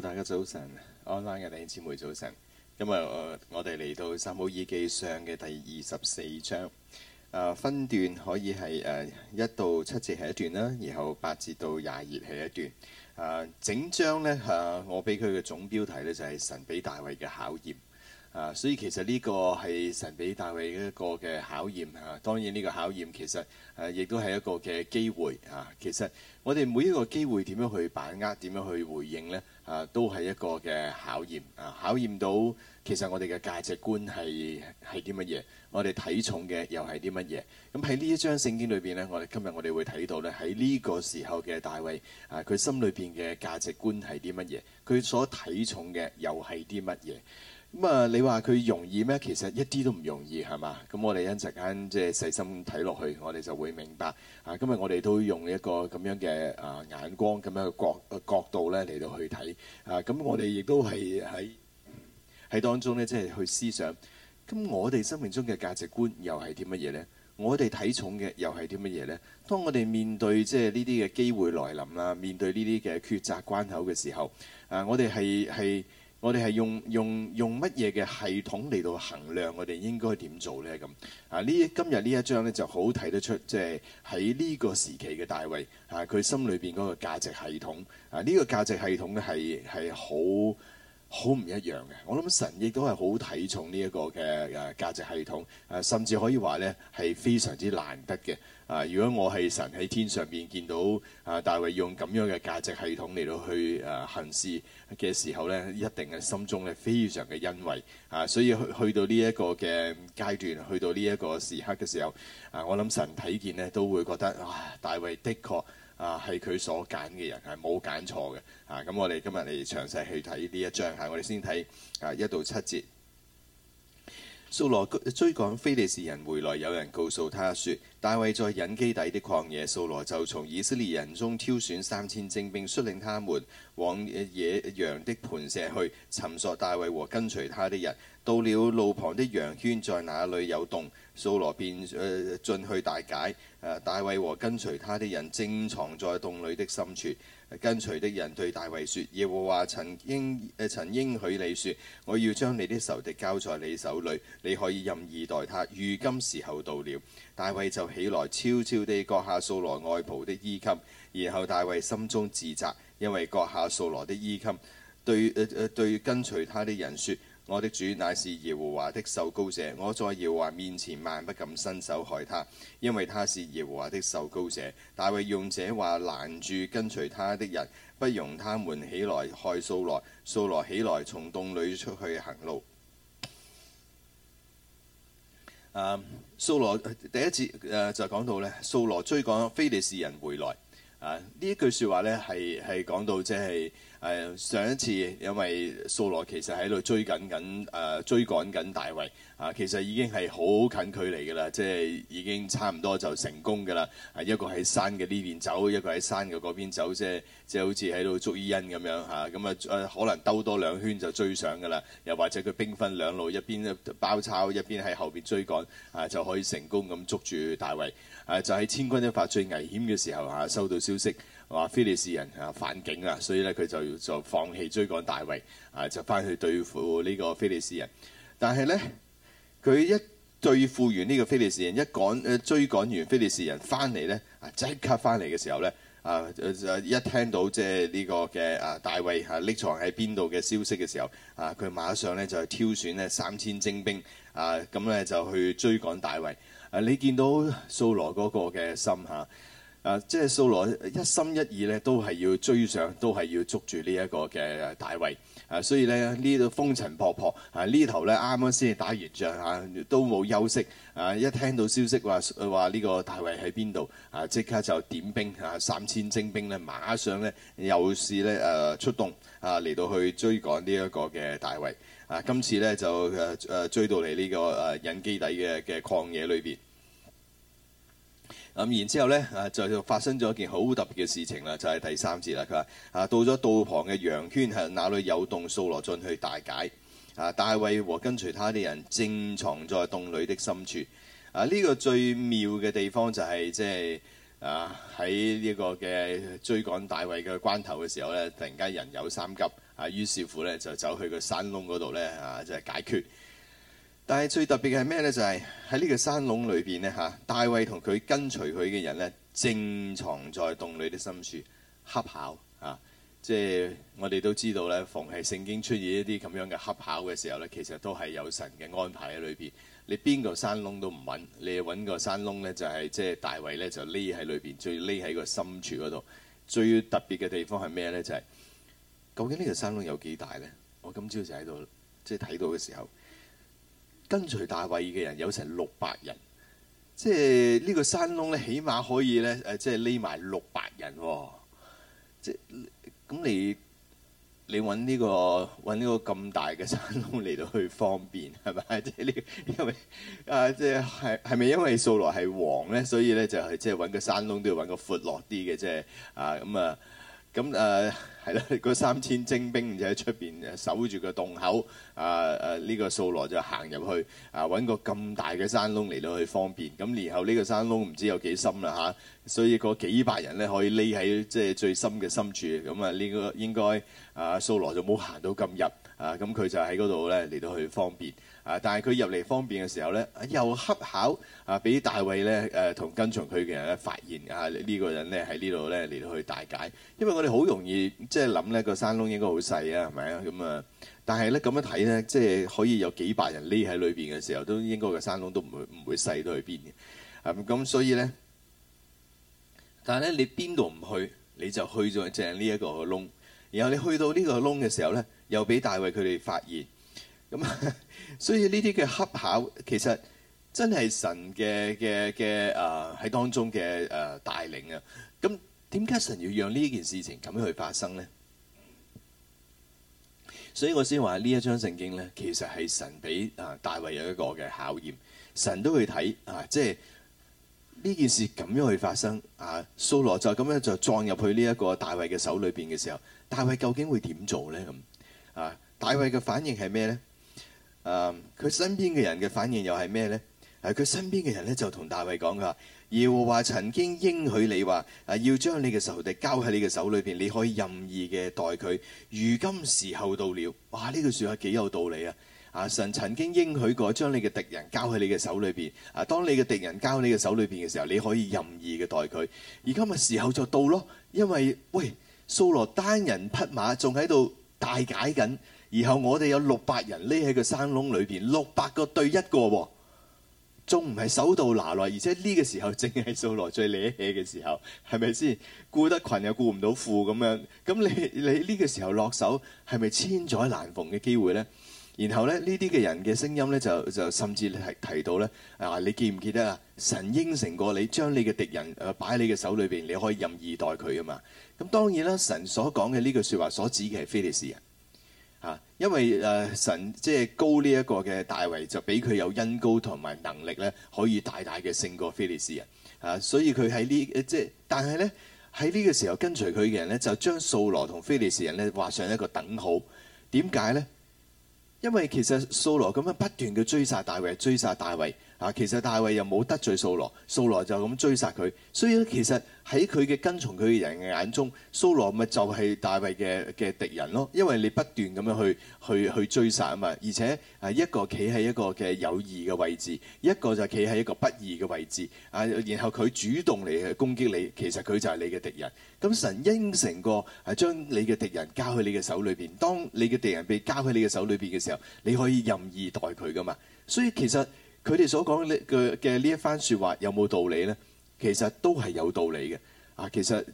大家早晨，online 嘅弟兄姊妹早晨。今日、呃、我我哋嚟到《撒母耳記上》嘅第二十四章。啊、呃，分段可以係誒一到七節係一段啦，然後八節到廿二係一段。啊、呃，整章呢，吓、呃，我俾佢嘅總標題呢就係、是、神俾大衛嘅考、呃、考驗。啊，所以其實呢個係神俾大衛一個嘅考驗吓。當然呢個考驗其實誒、啊、亦都係一個嘅機會啊。其實我哋每一個機會點樣去把握，點樣去回應呢？啊，都係一個嘅考驗啊，考驗到其實我哋嘅價值觀係係啲乜嘢，我哋睇重嘅又係啲乜嘢。咁喺呢一章聖經裏邊呢，我哋今日我哋會睇到咧，喺呢個時候嘅大衛啊，佢心裏邊嘅價值觀係啲乜嘢，佢所睇重嘅又係啲乜嘢。咁啊，你話佢容易咩？其實一啲都唔容易係嘛？咁我哋一陣間即係細心睇落去，我哋就會明白啊！今日我哋都用一個咁樣嘅啊眼光咁樣嘅角角度咧嚟到去睇啊！咁我哋亦都係喺喺當中呢，即係去思想。咁我哋生命中嘅價值觀又係啲乜嘢呢？我哋睇重嘅又係啲乜嘢呢？當我哋面對即係呢啲嘅機會來臨啦，面對呢啲嘅抉擇關口嘅時候，啊，我哋係係。我哋係用用用乜嘢嘅系統嚟到衡量我哋應該點做咧咁啊？呢今日呢一章咧就好睇得出，即係喺呢個時期嘅大衛啊，佢心裏邊嗰個價值系統啊，呢、這個價值系統咧係係好。好唔一樣嘅，我諗神亦都係好睇重呢一個嘅誒價值系統，誒、啊、甚至可以話呢係非常之難得嘅。啊，如果我係神喺天上邊見到啊大衛用咁樣嘅價值系統嚟到去誒、啊、行事嘅時候呢一定係心中係非常嘅欣慰啊！所以去去到呢一個嘅階段，去到呢一個時刻嘅時候，啊，我諗神睇見呢都會覺得啊，大衛的確。啊，係佢所揀嘅人係冇揀錯嘅。啊，咁、啊、我哋今日嚟詳細去睇呢一章嚇、啊，我哋先睇啊一到七節。掃羅追趕非利士人回來，有人告訴他說：大衛在隱基底的曠野，掃羅就從以色列人中挑選三千精兵，率領他們往野羊的盤石去尋索大衛和跟隨他的人。到了路旁的羊圈，在那裡有洞，掃羅便、呃、進去大解。呃、大衛和跟隨他的人正藏在洞裏的深處。跟隨的人對大衛説：耶和華曾經、呃、曾經許你説，我要將你的仇敵交在你手裏，你可以任意待他。如今時候到了，大衛就起來，悄悄地割下掃羅外袍的衣襟，然後大衛心中自責，因為割下掃羅的衣襟、對、呃、對跟隨他的人説。我的主乃是耶和華的受膏者，我在耶和華面前萬不敢伸手害他，因為他是耶和華的受膏者。大衛用這話攔住跟隨他的人，不容他們起來害掃羅。掃羅起來，從洞裏出去行路。啊，掃羅第一次誒、啊、就講到咧，掃羅追趕非利士人回來。啊，呢一句説話咧係係講到即係。就是誒、啊、上一次因為掃羅其實喺度追緊緊誒、啊、追趕緊大衛啊，其實已經係好近距離嘅啦，即係已經差唔多就成功嘅啦。啊，一個喺山嘅呢邊走，一個喺山嘅嗰邊走，即係即係好似喺度捉伊人咁樣嚇，咁啊、嗯、啊可能兜多兩圈就追上嘅啦。又或者佢兵分兩路，一邊包抄，一邊喺後邊追趕，啊就可以成功咁捉住大衛。誒、啊、就喺千鈞一髮最危險嘅時候嚇、啊、收到消息。話非利士人嚇反境啊警，所以咧佢就就放棄追趕大衛，啊就翻去對付呢個非利士人。但係咧，佢一對付完呢個非利士人，一趕誒追趕完非利士人翻嚟咧，啊即刻翻嚟嘅時候咧，啊一聽到即係呢個嘅啊大衛嚇匿藏喺邊度嘅消息嘅時候，啊佢、就是啊啊啊、馬上咧就挑選呢三千精兵，啊咁咧就去追趕大衛。誒、啊、你見到掃羅嗰個嘅心嚇？啊啊啊！即係掃羅一心一意咧，都係要追上，都係要捉住呢一個嘅大衛啊！所以咧，呢度風塵仆仆，啊，頭呢頭咧啱啱先打完仗啊，都冇休息啊！一聽到消息話話呢個大衛喺邊度啊，即刻就點兵啊，三千精兵咧，馬上咧又試咧誒出動啊，嚟到去追趕呢一個嘅大衛啊！今次咧就誒誒、啊、追到嚟呢、這個誒隱、啊、基底嘅嘅曠野裏邊。咁、嗯、然之後呢，啊就發生咗一件好特別嘅事情啦，就係、是、第三節啦。佢話啊，到咗道旁嘅羊圈，係那裏有洞，掃羅進去大解。啊，大衛和跟隨他啲人正藏在洞裏的深處。啊，呢、這個最妙嘅地方就係即係啊喺呢個嘅追趕大衛嘅關頭嘅時候呢，突然間人有三急啊，於是乎呢，就走去個山窿嗰度呢，啊，就係、是、解決。但係最特別嘅係咩呢？就係喺呢個山窿裏邊呢。嚇、啊，大衛同佢跟隨佢嘅人呢，正藏在洞裏的深處，恰巧啊！即係我哋都知道呢，逢係聖經出現一啲咁樣嘅恰巧嘅時候呢，其實都係有神嘅安排喺裏邊。你邊個山窿都唔揾，你揾個山窿呢，就係即係大衛呢，就匿喺裏邊，最匿喺個深處嗰度。最特別嘅地方係咩呢？就係、是、究竟呢個山窿有幾大呢？我今朝就喺度即係睇到嘅時候。跟隨大衛嘅人有成六百人，即係呢個山窿咧，起碼可以咧，誒，即係匿埋六百人喎、哦。即係咁你，你揾呢、呢個揾呢個咁大嘅山窿嚟到去方便係咪？即係呢、呢個，因為啊，即係係係咪因為掃羅係王咧，所以咧就係即係揾個山窿都要揾個闊落啲嘅，即係啊咁啊。嗯啊咁誒係啦，啊、三千精兵就喺出邊守住個洞口，啊誒呢、啊呢個掃羅就行入去，啊揾個咁大嘅山窿嚟到去方便。咁、啊、然後呢個山窿唔知有幾深啦嚇、啊，所以嗰幾百人咧可以匿喺即係最深嘅深處。咁啊呢、呢個應該啊掃羅就冇行到咁入。啊咁佢就喺嗰度咧嚟到去方便。啊！但係佢入嚟方便嘅時候咧，又恰巧、呃、跟跟啊，俾大衛咧誒同跟從佢嘅人咧發現啊，呢個人咧喺呢度咧嚟到去大解，因為我哋好容易即係諗咧個山窿應該好細啊，係咪啊？咁啊，但係咧咁樣睇咧，即係可以有幾百人匿喺裏邊嘅時候，都應該個山窿都唔會唔會細到去邊嘅。咁、嗯、所以咧，但係咧你邊度唔去，你就去咗正呢一個窿。然後你去到呢個窿嘅時候咧，又俾大衛佢哋發現。咁 所以呢啲嘅恰巧，其實真係神嘅嘅嘅啊喺當中嘅誒帶領啊。咁點解神要讓呢件事情咁樣去發生呢？所以我先話呢一章聖經呢，其實係神俾啊大衛有一個嘅考驗。神都會睇啊，即係呢件事咁樣去發生啊，掃羅就咁樣就撞入去呢一個大衛嘅手裏邊嘅時候，大衛究竟會點做呢？咁啊，大衛嘅反應係咩呢？啊！佢身邊嘅人嘅反應又係咩呢？啊！佢身邊嘅人呢，就同大衛講㗎話：耶和華曾經應許你話，啊要將你嘅仇敵交喺你嘅手裏邊，你可以任意嘅待佢。如今時候到了，哇！呢句説話幾有道理啊！啊，神曾經應許過將你嘅敵人交喺你嘅手裏邊。啊，當你嘅敵人交喺你嘅手裏邊嘅時候，你可以任意嘅待佢。而今日時候就到咯，因為喂，掃羅單人匹馬仲喺度大解緊。然後我哋有六百人匿喺個山窿裏邊，六百個對一個喎，仲唔係手到拿來？而且呢個時候正係掃羅最狼狽嘅時候，係咪先顧得裙又顧唔到褲咁樣？咁你你呢個時候落手係咪千載難逢嘅機會呢？然後咧呢啲嘅人嘅聲音咧就就甚至提提到咧啊！你記唔記得啊？神應承過你，將你嘅敵人誒擺喺你嘅手裏邊，你可以任意待佢啊嘛！咁、嗯、當然啦，神所講嘅呢句説話所指嘅係非利士人。啊，因為誒、呃、神即係高呢一個嘅大位，就俾佢有恩高同埋能力咧，可以大大嘅勝過菲利士人啊！所以佢喺呢即係，但係咧喺呢個時候跟隨佢嘅人咧，就將素羅同菲利士人咧畫上一個等號。點解咧？因為其實素羅咁樣不斷嘅追殺大衛，追殺大衛。啊！其實大衛又冇得罪掃羅，掃羅就咁追殺佢，所以咧其實喺佢嘅跟從佢嘅人嘅眼中，掃羅咪就係大衛嘅嘅敵人咯。因為你不斷咁樣去去去追殺啊嘛，而且係一個企喺一個嘅有義嘅位置，一個就企喺一個不義嘅位置啊。然後佢主動嚟去攻擊你，其實佢就係你嘅敵人。咁神應承過係將你嘅敵人交去你嘅手裏邊。當你嘅敵人被交去你嘅手裏邊嘅時候，你可以任意待佢噶嘛。所以其實。佢哋所講嘅嘅呢一番説話有冇道理呢？其實都係有道理嘅。啊，其實誒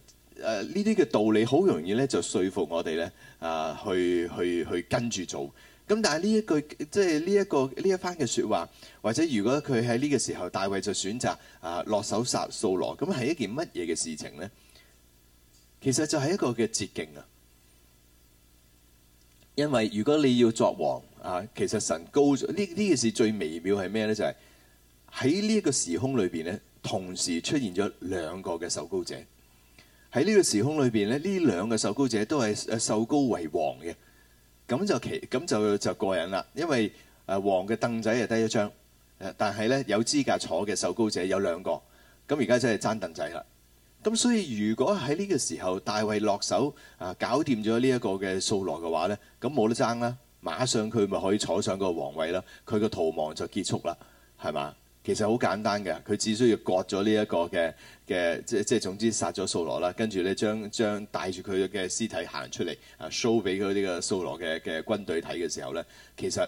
呢啲嘅道理好容易咧，就説服我哋咧啊，去去去跟住做。咁、嗯、但係呢一句，即係呢一個呢一番嘅説話，或者如果佢喺呢個時候，大衛就選擇啊落手殺掃羅，咁係一件乜嘢嘅事情呢？其實就係一個嘅捷徑啊！因為如果你要作王。啊，其實神高呢呢件事最微妙係咩咧？就係喺呢一個時空裏邊咧，同時出現咗兩個嘅受膏者。喺呢個時空裏邊咧，呢兩個受膏者都係誒受膏為王嘅。咁就奇，咁就就過癮啦。因為誒王嘅凳仔係得一張，誒但係咧有資格坐嘅受膏者有兩個，咁而家真係爭凳仔啦。咁所以如果喺呢個時候大衛落手啊搞掂咗呢一個嘅掃羅嘅話咧，咁冇得爭啦。馬上佢咪可以坐上個皇位啦，佢個逃亡就結束啦，係嘛？其實好簡單嘅，佢只需要割咗呢一個嘅嘅，即即，即總之殺咗掃羅啦，跟住咧將將帶住佢嘅屍體行出嚟，啊，show 俾佢呢個掃羅嘅嘅軍隊睇嘅時候咧，其實。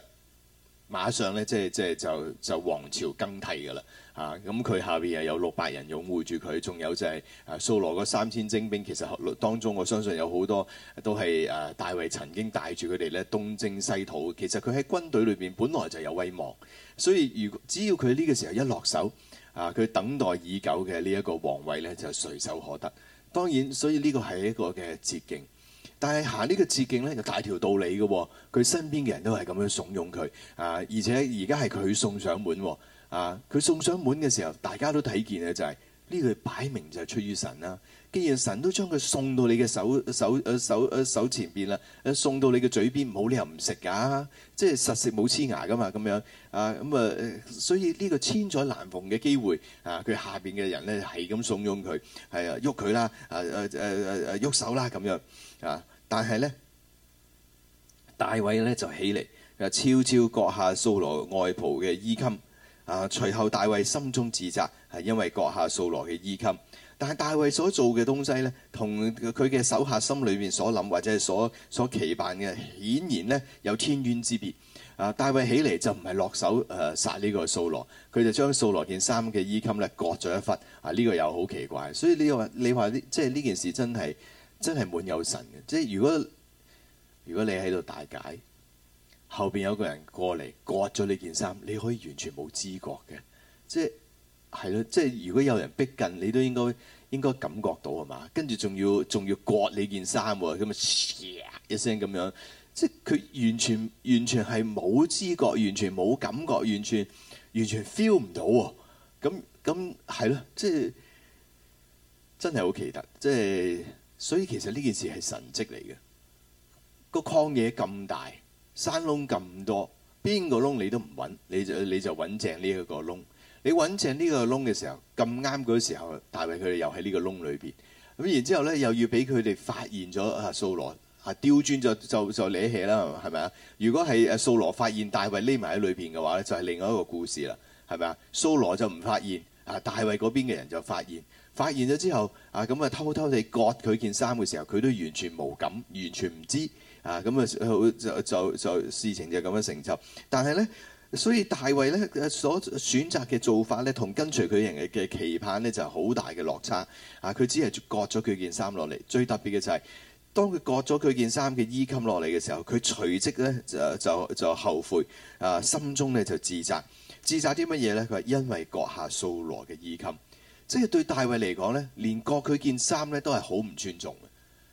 馬上咧，即係即係就就皇朝更替嘅啦，啊！咁佢下邊又有六百人擁護住佢，仲有就係、是、啊掃羅嗰三千精兵，其實當中我相信有好多都係啊大衛曾經帶住佢哋咧東征西討，其實佢喺軍隊裏邊本來就有威望，所以如果只要佢呢個時候一落手，啊佢等待已久嘅呢一個皇位咧就隨手可得。當然，所以呢個係一個嘅捷徑。但係行呢個捷徑咧，就大條道理嘅、哦。佢身邊嘅人都係咁樣慫恿佢啊，而且而家係佢送上門、哦、啊！佢送上門嘅時候，大家都睇見嘅就係呢個擺明就係出於神啦、啊。既然神都將佢送到你嘅手手誒手誒手前邊啦，送到你嘅嘴邊，冇理由唔食噶，即係實食冇黐牙噶嘛，咁樣啊咁啊，所以呢個千載難逢嘅機會啊，佢下邊嘅人咧係咁慫恿佢，係啊喐佢啦，誒誒誒誒喐手啦咁樣啊，但係咧，大衛咧就起嚟，誒悄悄割下掃羅外袍嘅衣襟啊，隨後大衛心中自責，係因為割下掃羅嘅衣襟。但係大衛所做嘅東西呢，同佢嘅手下心裏面所諗或者係所所期盼嘅，顯然呢有天淵之別。啊，大衛起嚟就唔係落手誒、呃、殺個素素呢個掃羅，佢就將掃羅件衫嘅衣襟呢割咗一忽。啊，呢、這個又好奇怪。所以你話你話呢，即係呢件事真係真係滿有神嘅。即係如果如果你喺度大解，後邊有個人過嚟割咗你件衫，你可以完全冇知覺嘅。即係。係咯，即係如果有人逼近，你都應該應該感覺到係嘛？跟住仲要仲要割你件衫喎，咁啊一聲咁樣，即係佢完全完全係冇知覺，完全冇感覺，完全完全 feel 唔到喎。咁咁係咯，即係真係好奇特，即係所以其實呢件事係神蹟嚟嘅。個曠野咁大，山窿咁多，邊個窿你都唔揾，你就你就揾正呢一個窿。你揾正呢個窿嘅時候，咁啱嗰時候，大衛佢哋又喺呢個窿裏邊。咁然之後咧，又要俾佢哋發現咗啊，掃羅啊，刁鑽就就就惹氣啦，係咪啊？如果係誒掃羅發現大衛匿埋喺裏邊嘅話咧，就係、是、另外一個故事啦，係咪啊？掃羅就唔發現啊，大衛嗰邊嘅人就發現，發現咗之後啊，咁啊偷偷哋割佢件衫嘅時候，佢都完全冇感，完全唔知啊，咁啊就就就，就事情就咁樣成就。但係咧，所以大衛咧，所選擇嘅做法咧，同跟隨佢人嘅期盼呢，就係好大嘅落差。啊，佢只係割咗佢件衫落嚟。最特別嘅就係，當佢割咗佢件衫嘅衣襟落嚟嘅時候，佢隨即咧就就就後悔啊，心中咧就自責，自責啲乜嘢咧？佢係因為割下掃羅嘅衣襟，即係對大衛嚟講咧，連割佢件衫咧都係好唔尊重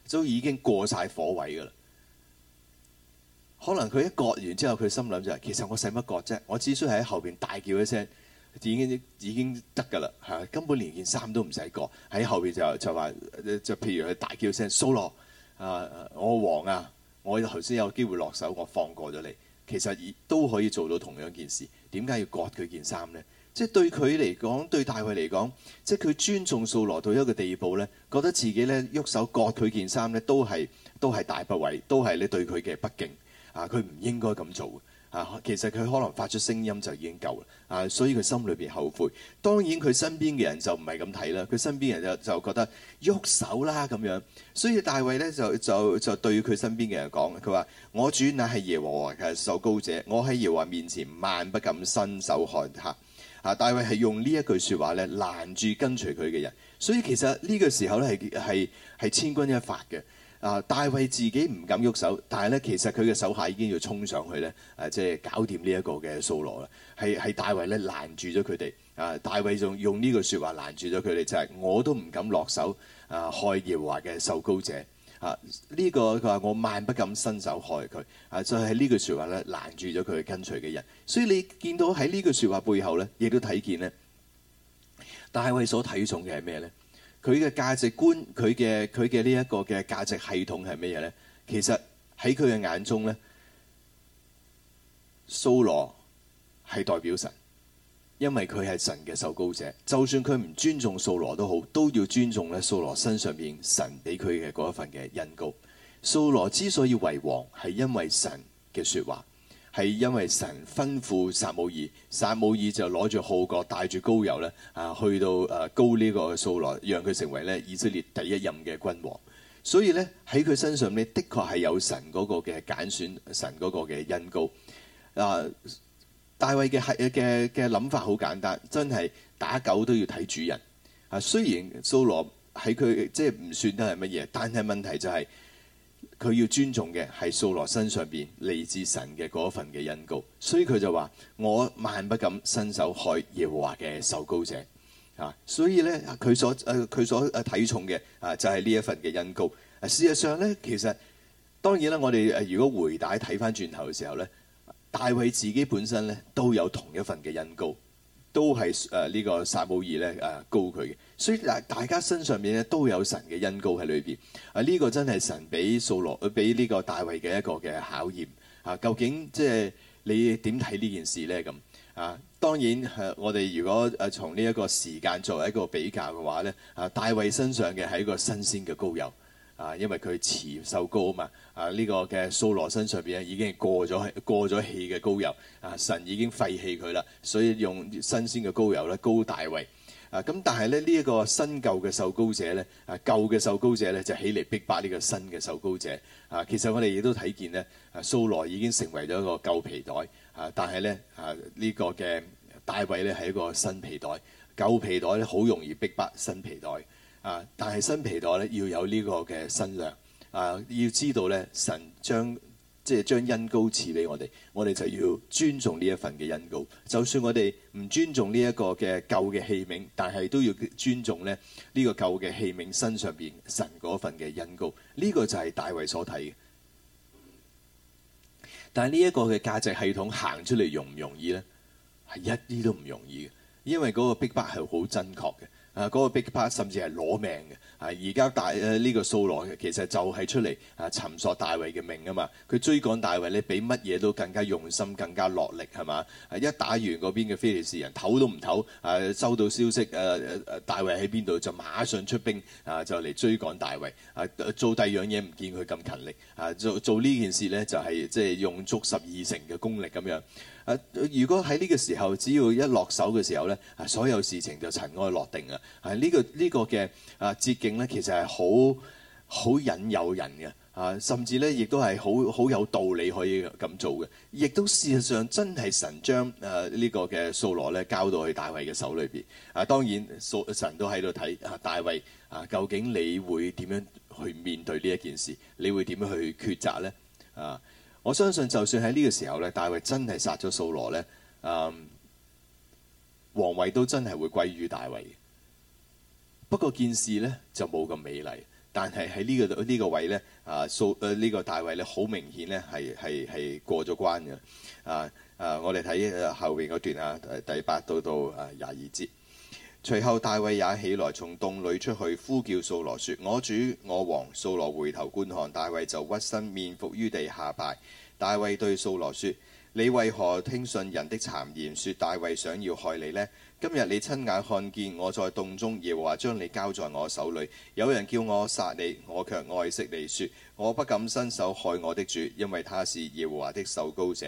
嘅，都已經過晒火位噶啦。可能佢一割完之後，佢心諗就係：其實我使乜割啫？我只需喺後邊大叫一聲，已經已經得㗎啦，係嘛？根本連件衫都唔使割，喺後邊就就話，就譬如佢大叫一聲：掃羅啊，掃羅, uh, 我王啊！我頭先有機會落手，我放過咗你。其實亦都可以做到同樣件事。點解要割佢件衫呢？即係對佢嚟講，對大衛嚟講，即係佢尊重掃羅到一個地步呢，覺得自己呢，喐手割佢件衫呢，都係都係大不韙，都係你對佢嘅不敬。啊！佢唔應該咁做啊，其實佢可能發出聲音就已經夠啦。啊，所以佢心裏邊後悔。當然佢身邊嘅人就唔係咁睇啦。佢身邊人就就覺得喐手啦咁樣。所以大衛咧就就就對佢身邊嘅人講：佢話我主乃係耶和華嘅、啊、受膏者，我喺耶和華面前萬不敢伸手害他。啊！大衛係用呢一句説話咧，攔住跟隨佢嘅人。所以其實呢個時候咧係係係千鈞一髮嘅。啊！大衛自己唔敢喐手，但係咧，其實佢嘅手下已經要衝上去咧，誒、啊，即、就、係、是、搞掂呢一個嘅掃羅啦。係係大衛咧攔住咗佢哋。啊！大衛仲用呢句説話攔住咗佢哋，就係、是、我都唔敢落手啊，害耶和華嘅受膏者啊！呢、這個佢話我萬不敢伸手害佢啊，就喺、是、呢句説話咧攔住咗佢嘅跟隨嘅人。所以你見到喺呢句説話背後咧，亦都睇見咧，大衛所睇重嘅係咩咧？佢嘅價值觀，佢嘅佢嘅呢一個嘅價值系統係乜嘢咧？其實喺佢嘅眼中咧，掃羅係代表神，因為佢係神嘅受膏者。就算佢唔尊重掃羅都好，都要尊重咧掃羅身上邊神俾佢嘅嗰一份嘅恩膏。掃羅之所以為王，係因為神嘅説話。係因為神吩咐撒母耳，撒母耳就攞住號角帶住膏油咧，啊去到誒膏呢個掃羅，讓佢成為咧以色列第一任嘅君王。所以呢，喺佢身上咧，的確係有神嗰個嘅揀選，神嗰個嘅恩膏。啊，大衛嘅係嘅嘅諗法好簡單，真係打狗都要睇主人。啊，雖然掃羅喺佢即係唔算得係乜嘢，但係問題就係、是。佢要尊重嘅係掃羅身上邊嚟自神嘅嗰一份嘅恩膏，所以佢就話：我萬不敢伸手害耶和華嘅受膏者啊！所以咧，佢所誒佢、啊、所誒睇重嘅啊，就係呢一份嘅恩膏、啊。事實上咧，其實當然啦，我哋如果回帶睇翻轉頭嘅時候咧，大衛自己本身咧都有同一份嘅恩膏。都係誒呢個撒母耳咧誒高佢嘅，所以大大家身上面咧都有神嘅恩高喺裏邊啊！呢、這個真係神俾掃羅、俾呢個大衛嘅一個嘅考驗啊！究竟即係、就是、你點睇呢件事咧咁啊？當然、啊、我哋如果誒從呢一個時間作為一個比較嘅話咧啊，大衛身上嘅係一個新鮮嘅高油。啊，因為佢遲受膏啊嘛，啊呢個嘅掃羅身上邊咧已經係過咗過咗氣嘅膏油，啊神已經廢棄佢啦，所以用新鮮嘅膏油咧膏大衛，啊咁但係咧呢一個新舊嘅受膏者咧，啊舊嘅受膏者咧就起嚟逼迫呢個新嘅受膏者，啊其實我哋亦都睇見咧，啊掃羅已經成為咗一個舊皮袋，啊但係咧啊呢個嘅大衛咧係一個新皮袋，舊皮袋咧好容易逼迫新皮袋。啊！但係新皮袋咧要有呢個嘅身量啊！要知道咧，神將即係將恩膏賜俾我哋，我哋就要尊重呢一份嘅恩膏。就算我哋唔尊重呢一個嘅舊嘅器皿，但係都要尊重咧呢、這個舊嘅器皿身上邊神嗰份嘅恩膏。呢、這個就係大衞所睇嘅。但係呢一個嘅價值系統行出嚟容唔容易呢？係一啲都唔容易嘅，因為嗰個逼迫係好真確嘅。啊！嗰個、uh, big a 巴甚至係攞命嘅，啊！而家大誒呢、呃呢個掃羅其實就係出嚟啊尋索大衛嘅命啊嘛！佢追趕大衛，你比乜嘢都更加用心、更加落力係嘛？啊！一打完嗰邊嘅非利士人，唞都唔唞，啊收到消息誒誒、啊啊啊、大衛喺邊度，就馬上出兵啊就嚟追趕大衛啊！做第二樣嘢唔見佢咁勤力啊！做做呢件事咧就係即係用足十二成嘅功力咁樣。如果喺呢個時候只要一落手嘅時候呢啊，所有事情就塵埃落定啊！啊、呢個，呢、呢個呢個嘅啊捷徑呢，其實係好好引誘人嘅啊，甚至呢亦都係好好有道理可以咁做嘅，亦都事實上真係神將誒呢個嘅掃羅咧交到去大衛嘅手裏邊啊。當然，神都喺度睇啊，大衛啊，究竟你會點樣去面對呢一件事？你會點樣去抉擇呢？啊！我相信就算喺呢個時候咧，大衛真係殺咗掃羅咧，嗯，王位都真係會歸於大衛。不過件事咧就冇咁美麗，但係喺呢個呢、呢個位咧啊掃誒呢個大衛咧好明顯咧係係係過咗關嘅啊啊！我哋睇後邊嗰段啊，第八到到啊廿二,二節。隨後大衛也起來，從洞裏出去呼叫掃羅說：我主我王，掃羅回頭觀看，大衛就屈身面伏於地下拜。大衛對掃羅說：你為何聽信人的讒言，說大衛想要害你呢？今日你親眼看見我在洞中，耶和華將你交在我手裏。有人叫我殺你，我卻愛惜你說，說我不敢伸手害我的主，因為他是耶和華的受膏者。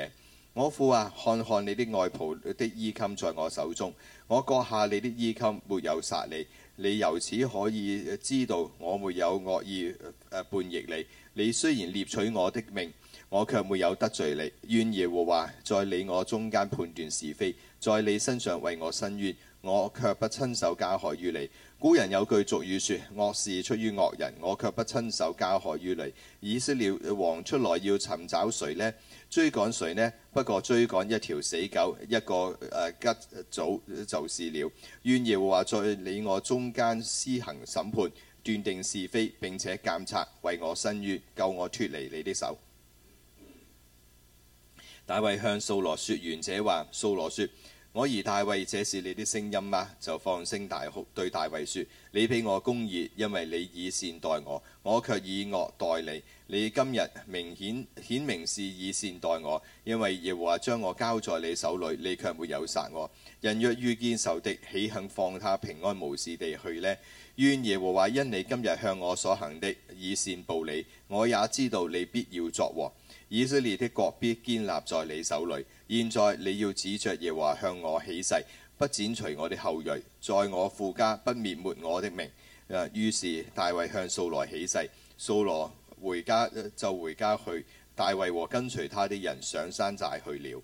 我父啊，看看你的外袍的衣襟在我手中。我割下你的衣襟，沒有殺你。你由此可以知道我沒有惡意誒叛逆你。你雖然獵取我的命，我卻沒有得罪你。願耶和華在你我中間判斷是非，在你身上為我伸冤，我卻不親手加害於你。古人有句俗語說：惡事出於惡人，我卻不親手加害於你。以色列王出來要尋找誰呢？追趕誰呢？不過追趕一條死狗，一個、呃、虼蚤就是了。願耶和華在你我中間施行審判，斷定是非，並且監察，為我伸冤，救我脫離你的手。大衛向掃羅説完這話，掃羅說。我兒大衛，這是你的聲音嗎？就放聲大哭，對大衛説：你比我公義，因為你以善待我，我卻以惡待你。你今日明顯顯明是以善待我，因為耶和華將我交在你手裏，你卻沒有殺我。人若遇見仇敵，豈肯放他平安無事地去呢？願耶和華，因你今日向我所行的以善報你。我也知道你必要作王。以色列的國必建立在你手裏，現在你要指着耶和華向我起誓，不剪除我的後裔，在我父家不滅沒我的名。誒，於是大衛向掃羅起誓，掃羅回家就回家去，大衛和跟隨他的人上山寨去了。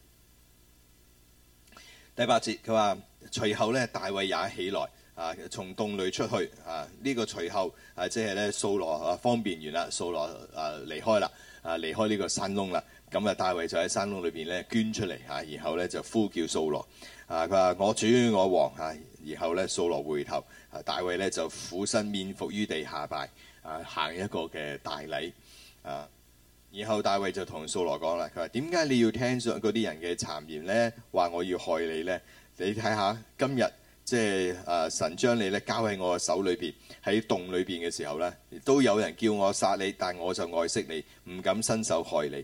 第八節佢話，隨後呢，大衛也起來啊，從洞裏出去啊。呢、這個隨後啊，即係呢，掃羅方便完啦，掃羅啊離開啦。啊！離開呢個山窿啦，咁、嗯、啊、啊、啊、啊，大衛就喺山窿裏邊咧捐出嚟嚇，然後咧就呼叫掃羅啊！佢話我主我王啊，然後咧掃羅回頭啊，大衛咧就俯身面伏於地下拜啊，行一個嘅大禮啊。然後大衛就同掃羅講啦，佢話點解你要聽著嗰啲人嘅讒言咧，話我要害你咧？你睇下今日。即係啊！神將你咧交喺我嘅手裏邊，喺洞裏邊嘅時候咧，都有人叫我殺你，但我就愛惜你，唔敢伸手害你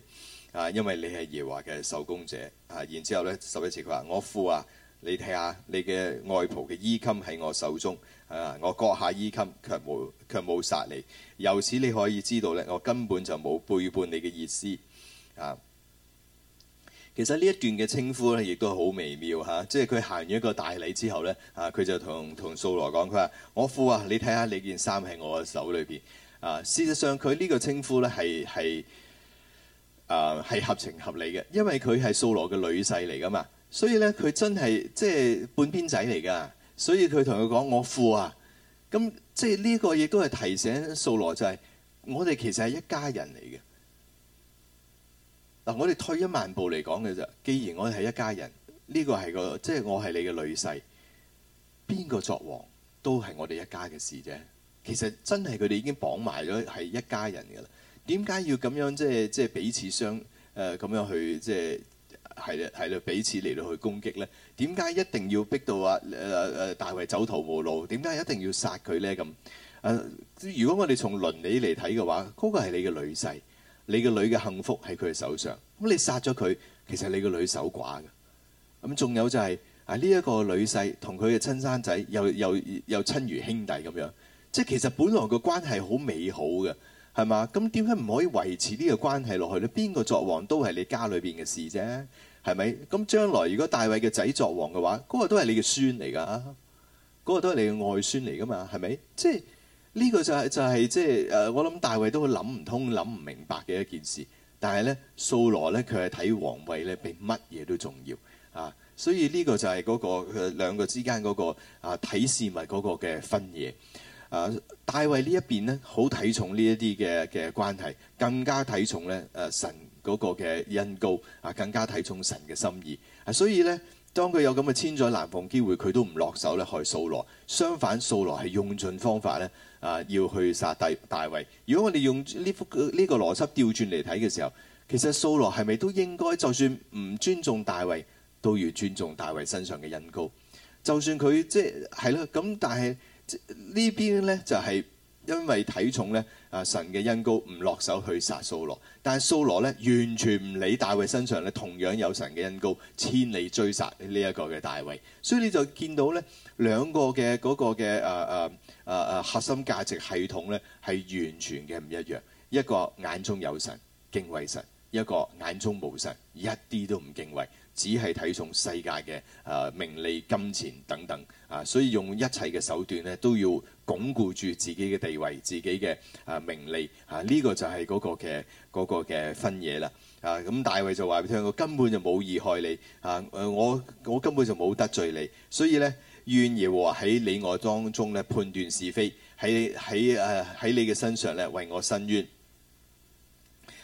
啊！因為你係耶華嘅受膏者啊！然之後咧，十一次佢話：我父啊，你睇下你嘅外袍嘅衣襟喺我手中啊！我割下衣襟，卻冇卻冇殺你。由此你可以知道咧，我根本就冇背叛你嘅意思啊！其實呢一段嘅稱呼咧，亦都好微妙嚇，即係佢行完一個大禮之後咧，啊，佢就同同掃羅講，佢話：我父啊，你睇下你件衫喺我嘅手裏邊。啊，事實上佢呢個稱呼咧，係係啊，係合情合理嘅，因為佢係掃羅嘅女婿嚟噶嘛，所以咧，佢真係即係半邊仔嚟噶，所以佢同佢講，我父啊，咁即係呢個亦都係提醒掃羅就係、是，我哋其實係一家人嚟嘅。嗱、啊，我哋退一萬步嚟講嘅就，既然我哋係一家人，呢、這個係個即係我係你嘅女婿，邊個作王都係我哋一家嘅事啫。其實真係佢哋已經綁埋咗係一家人嘅啦。點解要咁樣即係即係彼此相誒咁、呃、樣去即係係係咧彼此嚟到去攻擊咧？點解一定要逼到啊誒誒大衛走投無路？點解一定要殺佢咧？咁、呃、誒，如果我哋從倫理嚟睇嘅話，嗰、那個係你嘅女婿。你個女嘅幸福喺佢嘅手上，咁你殺咗佢，其實你個女守寡嘅。咁仲有就係、是、啊呢一、這個女婿同佢嘅親生仔又又又親如兄弟咁樣，即係其實本來關係個關係好美好嘅，係嘛？咁點解唔可以維持呢個關係落去咧？邊個作王都係你家裏邊嘅事啫，係咪？咁將來如果大衛嘅仔作王嘅話，嗰、那個都係你嘅孫嚟噶，嗰、那個都係你嘅外孫嚟噶嘛，係咪？即係。呢個就係、是、就係即係誒，我諗大衛都諗唔通、諗唔明白嘅一件事。但係咧，掃羅咧佢係睇皇位咧，比乜嘢都重要啊！所以呢個就係嗰個兩個之間嗰個啊睇事物嗰個嘅分野啊。大衛呢一邊呢，好睇重呢一啲嘅嘅關係，更加睇重咧誒神嗰個嘅恩膏啊，更加睇重神嘅心意啊。所以咧，當佢有咁嘅千載難逢機會，佢都唔落手咧害掃羅。相反，掃羅係用盡方法咧。啊！要去殺大大衛。如果我哋用呢幅呢、呢個邏輯調轉嚟睇嘅時候，其實掃羅係咪都應該就算唔尊重大衛，都要尊重大衛身上嘅恩膏？就算佢即係啦，咁但係呢邊呢，就係、係、因為睇重呢啊神嘅恩膏唔落手去殺掃羅。但係掃羅呢，完全唔理大衛身上呢同樣有神嘅恩膏，千里追殺呢一個嘅大衛。所以你就見到呢兩個嘅嗰個嘅啊啊～啊誒誒、啊、核心價值系統咧係完全嘅唔一樣，一個眼中有神敬畏神，一個眼中無神一啲都唔敬畏，只係睇重世界嘅誒、啊、名利金錢等等啊，所以用一切嘅手段咧都要鞏固住自己嘅地位、自己嘅誒、啊、名利啊，呢、這個就係嗰個嘅嗰個嘅分野啦啊！咁大衛就話俾佢聽，我根本就冇意害你啊，誒我我根本就冇得罪你，所以咧。願耶和華喺你我當中咧判斷是非，喺你喺誒喺你嘅身上咧為我伸冤。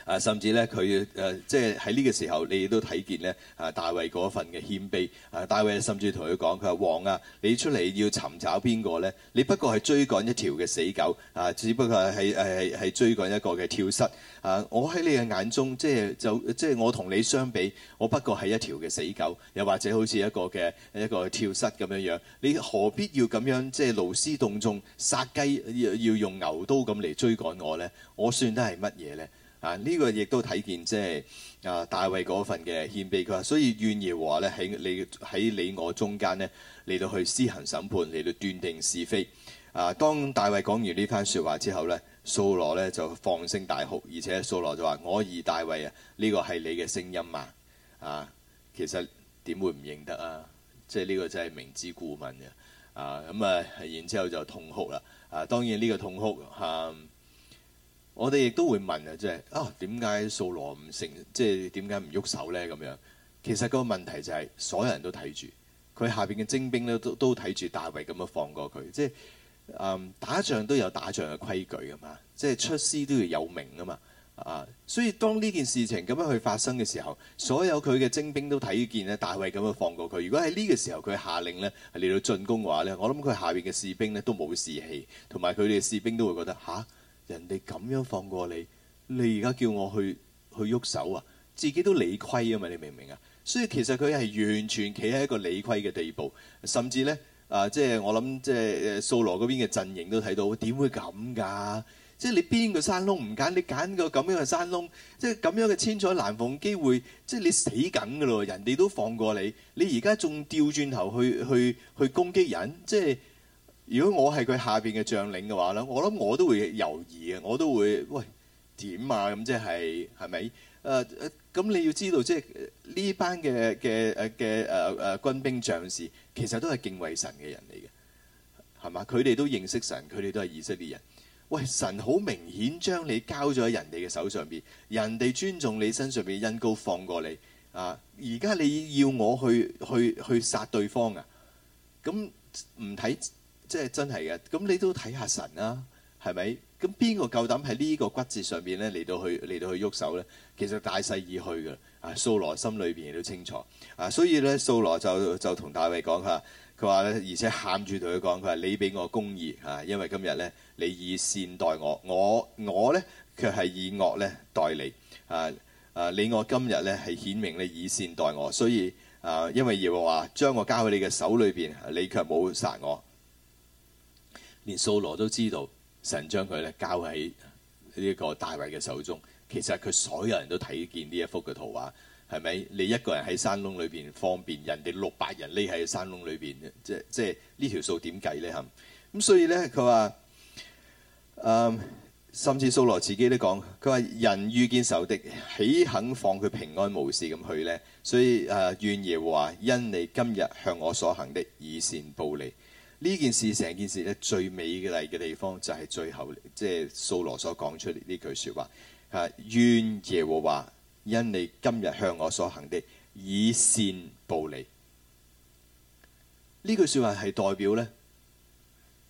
啊，甚至咧，佢誒、呃、即係喺呢個時候，你亦都睇見咧。啊，大衛嗰份嘅謙卑啊，大衛甚至同佢講：佢話王啊，你出嚟要尋找邊個咧？你不過係追趕一條嘅死狗啊，只不過係係係係追趕一個嘅跳蚤啊！我喺你嘅眼中，即係就即係我同你相比，我不過係一條嘅死狗，又或者好似一個嘅一個跳蚤咁樣樣。你何必要咁樣即係勞師動眾殺雞要要用牛刀咁嚟追趕我咧？我算得係乜嘢咧？啊！呢、這個亦都睇見即係啊，大衛嗰份嘅謙卑，佢話所以願耶和華咧喺你喺你我中間呢，嚟到去施行審判，嚟到斷定是非。啊！當大衛講完呢番説話之後，掃羅呢，掃羅呢就放聲大哭，而且掃羅就話：我以大衛啊，呢、這個係你嘅聲音啊！啊，其實點會唔認得啊？即係呢個真係明知故問嘅啊！咁、嗯、啊，然之後就痛哭啦！啊，當然呢個痛哭嚇。啊啊我哋亦都會問啊，即係啊點解掃羅唔成，即係點解唔喐手呢？咁樣其實個問題就係、是、所有人都睇住，佢下邊嘅精兵呢都都睇住大衛咁樣放過佢。即係、嗯、打仗都有打仗嘅規矩㗎嘛，即係出師都要有名啊嘛啊！所以當呢件事情咁樣去發生嘅時候，所有佢嘅精兵都睇見呢，大衛咁樣放過佢。如果喺呢個時候佢下令呢嚟到進攻嘅話呢，我諗佢下邊嘅士兵呢都冇士氣，同埋佢哋士兵都會覺得嚇。啊人哋咁樣放過你，你而家叫我去去喐手啊？自己都理虧啊嘛，你明唔明啊？所以其實佢係完全企喺一個理虧嘅地步，甚至呢，啊、呃，即係我諗，即係掃羅嗰邊嘅陣營都睇到，點會咁㗎？即係你邊個山窿唔揀，你揀個咁樣嘅山窿，即係咁樣嘅千載難逢機會，即係你死梗㗎咯！人哋都放過你，你而家仲調轉頭去去去、去攻擊人，即係。如果我係佢下邊嘅將領嘅話咧，我諗我都會猶豫嘅，我都會喂，點啊？咁即係係咪？誒誒，咁、uh, uh, 你要知道，即係呢班嘅嘅誒嘅誒誒軍兵將士其實都係敬畏神嘅人嚟嘅，係嘛？佢哋都認識神，佢哋都係以色列人。喂，神好明顯將你交咗喺人哋嘅手上邊，人哋尊重你身上嘅恩膏，放過你啊！而家你要我去去去殺對方啊？咁唔睇。即係真係嘅，咁你都睇下神啦，啊，係咪咁？邊個夠膽喺呢個骨節上邊咧嚟到去嚟到去喐手咧？其實大勢已去嘅啦。啊，掃羅心裏邊亦都清楚啊，所以咧，掃羅就就同大衛講佢話，佢話咧，而且喊住同佢講，佢話你俾我公義啊，因為今日咧你以善待我，我我咧卻係以惡咧待你啊啊！你我今日咧係顯明你以善待我，所以啊，因為耶和華將我交喺你嘅手裏邊，你卻冇殺我。連掃羅都知道，神將佢咧交喺呢個大衛嘅手中。其實佢所有人都睇見呢一幅嘅圖畫，係咪？你一個人喺山窿裏邊方便，人哋六百人，匿喺山窿裏邊，即即呢條數點計呢？係咪？嗯，咁所以呢，佢話，嗯，甚至掃羅自己都講，佢話人遇見仇敵，豈肯放佢平安無事咁去呢，所以啊，願耶和華因你今日向我所行的以善報你。呢件事成件事咧，最美麗嘅地方就係、是、最後即係掃羅所講出嚟呢句說話吓，願耶和華因你今日向我所行的以善報你，呢句說話係代表咧，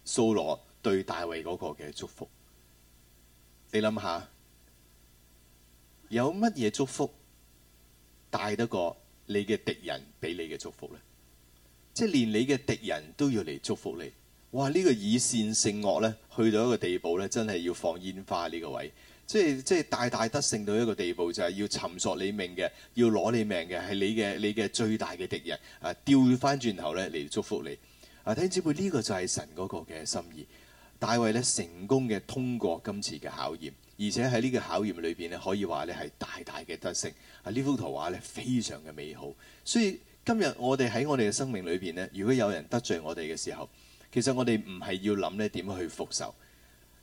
掃羅對大衛嗰個嘅祝福。你諗下有乜嘢祝福帶得過你嘅敵人俾你嘅祝福咧？即係連你嘅敵人都要嚟祝福你，哇！呢個以善勝惡呢，去到一個地步呢，真係要放煙花呢個位，即係即係大大得勝到一個地步，就係要尋索你命嘅，要攞你命嘅，係你嘅你嘅最大嘅敵人啊！調翻轉頭咧嚟祝福你啊！聽姊妹呢個就係神嗰個嘅心意，大衛咧成功嘅通過今次嘅考驗，而且喺呢個考驗裏邊咧，可以話咧係大大嘅得勝啊！呢幅圖畫呢，非常嘅美好，所以。今日我哋喺我哋嘅生命裏邊咧，如果有人得罪我哋嘅時候，其實我哋唔係要諗咧點去復仇。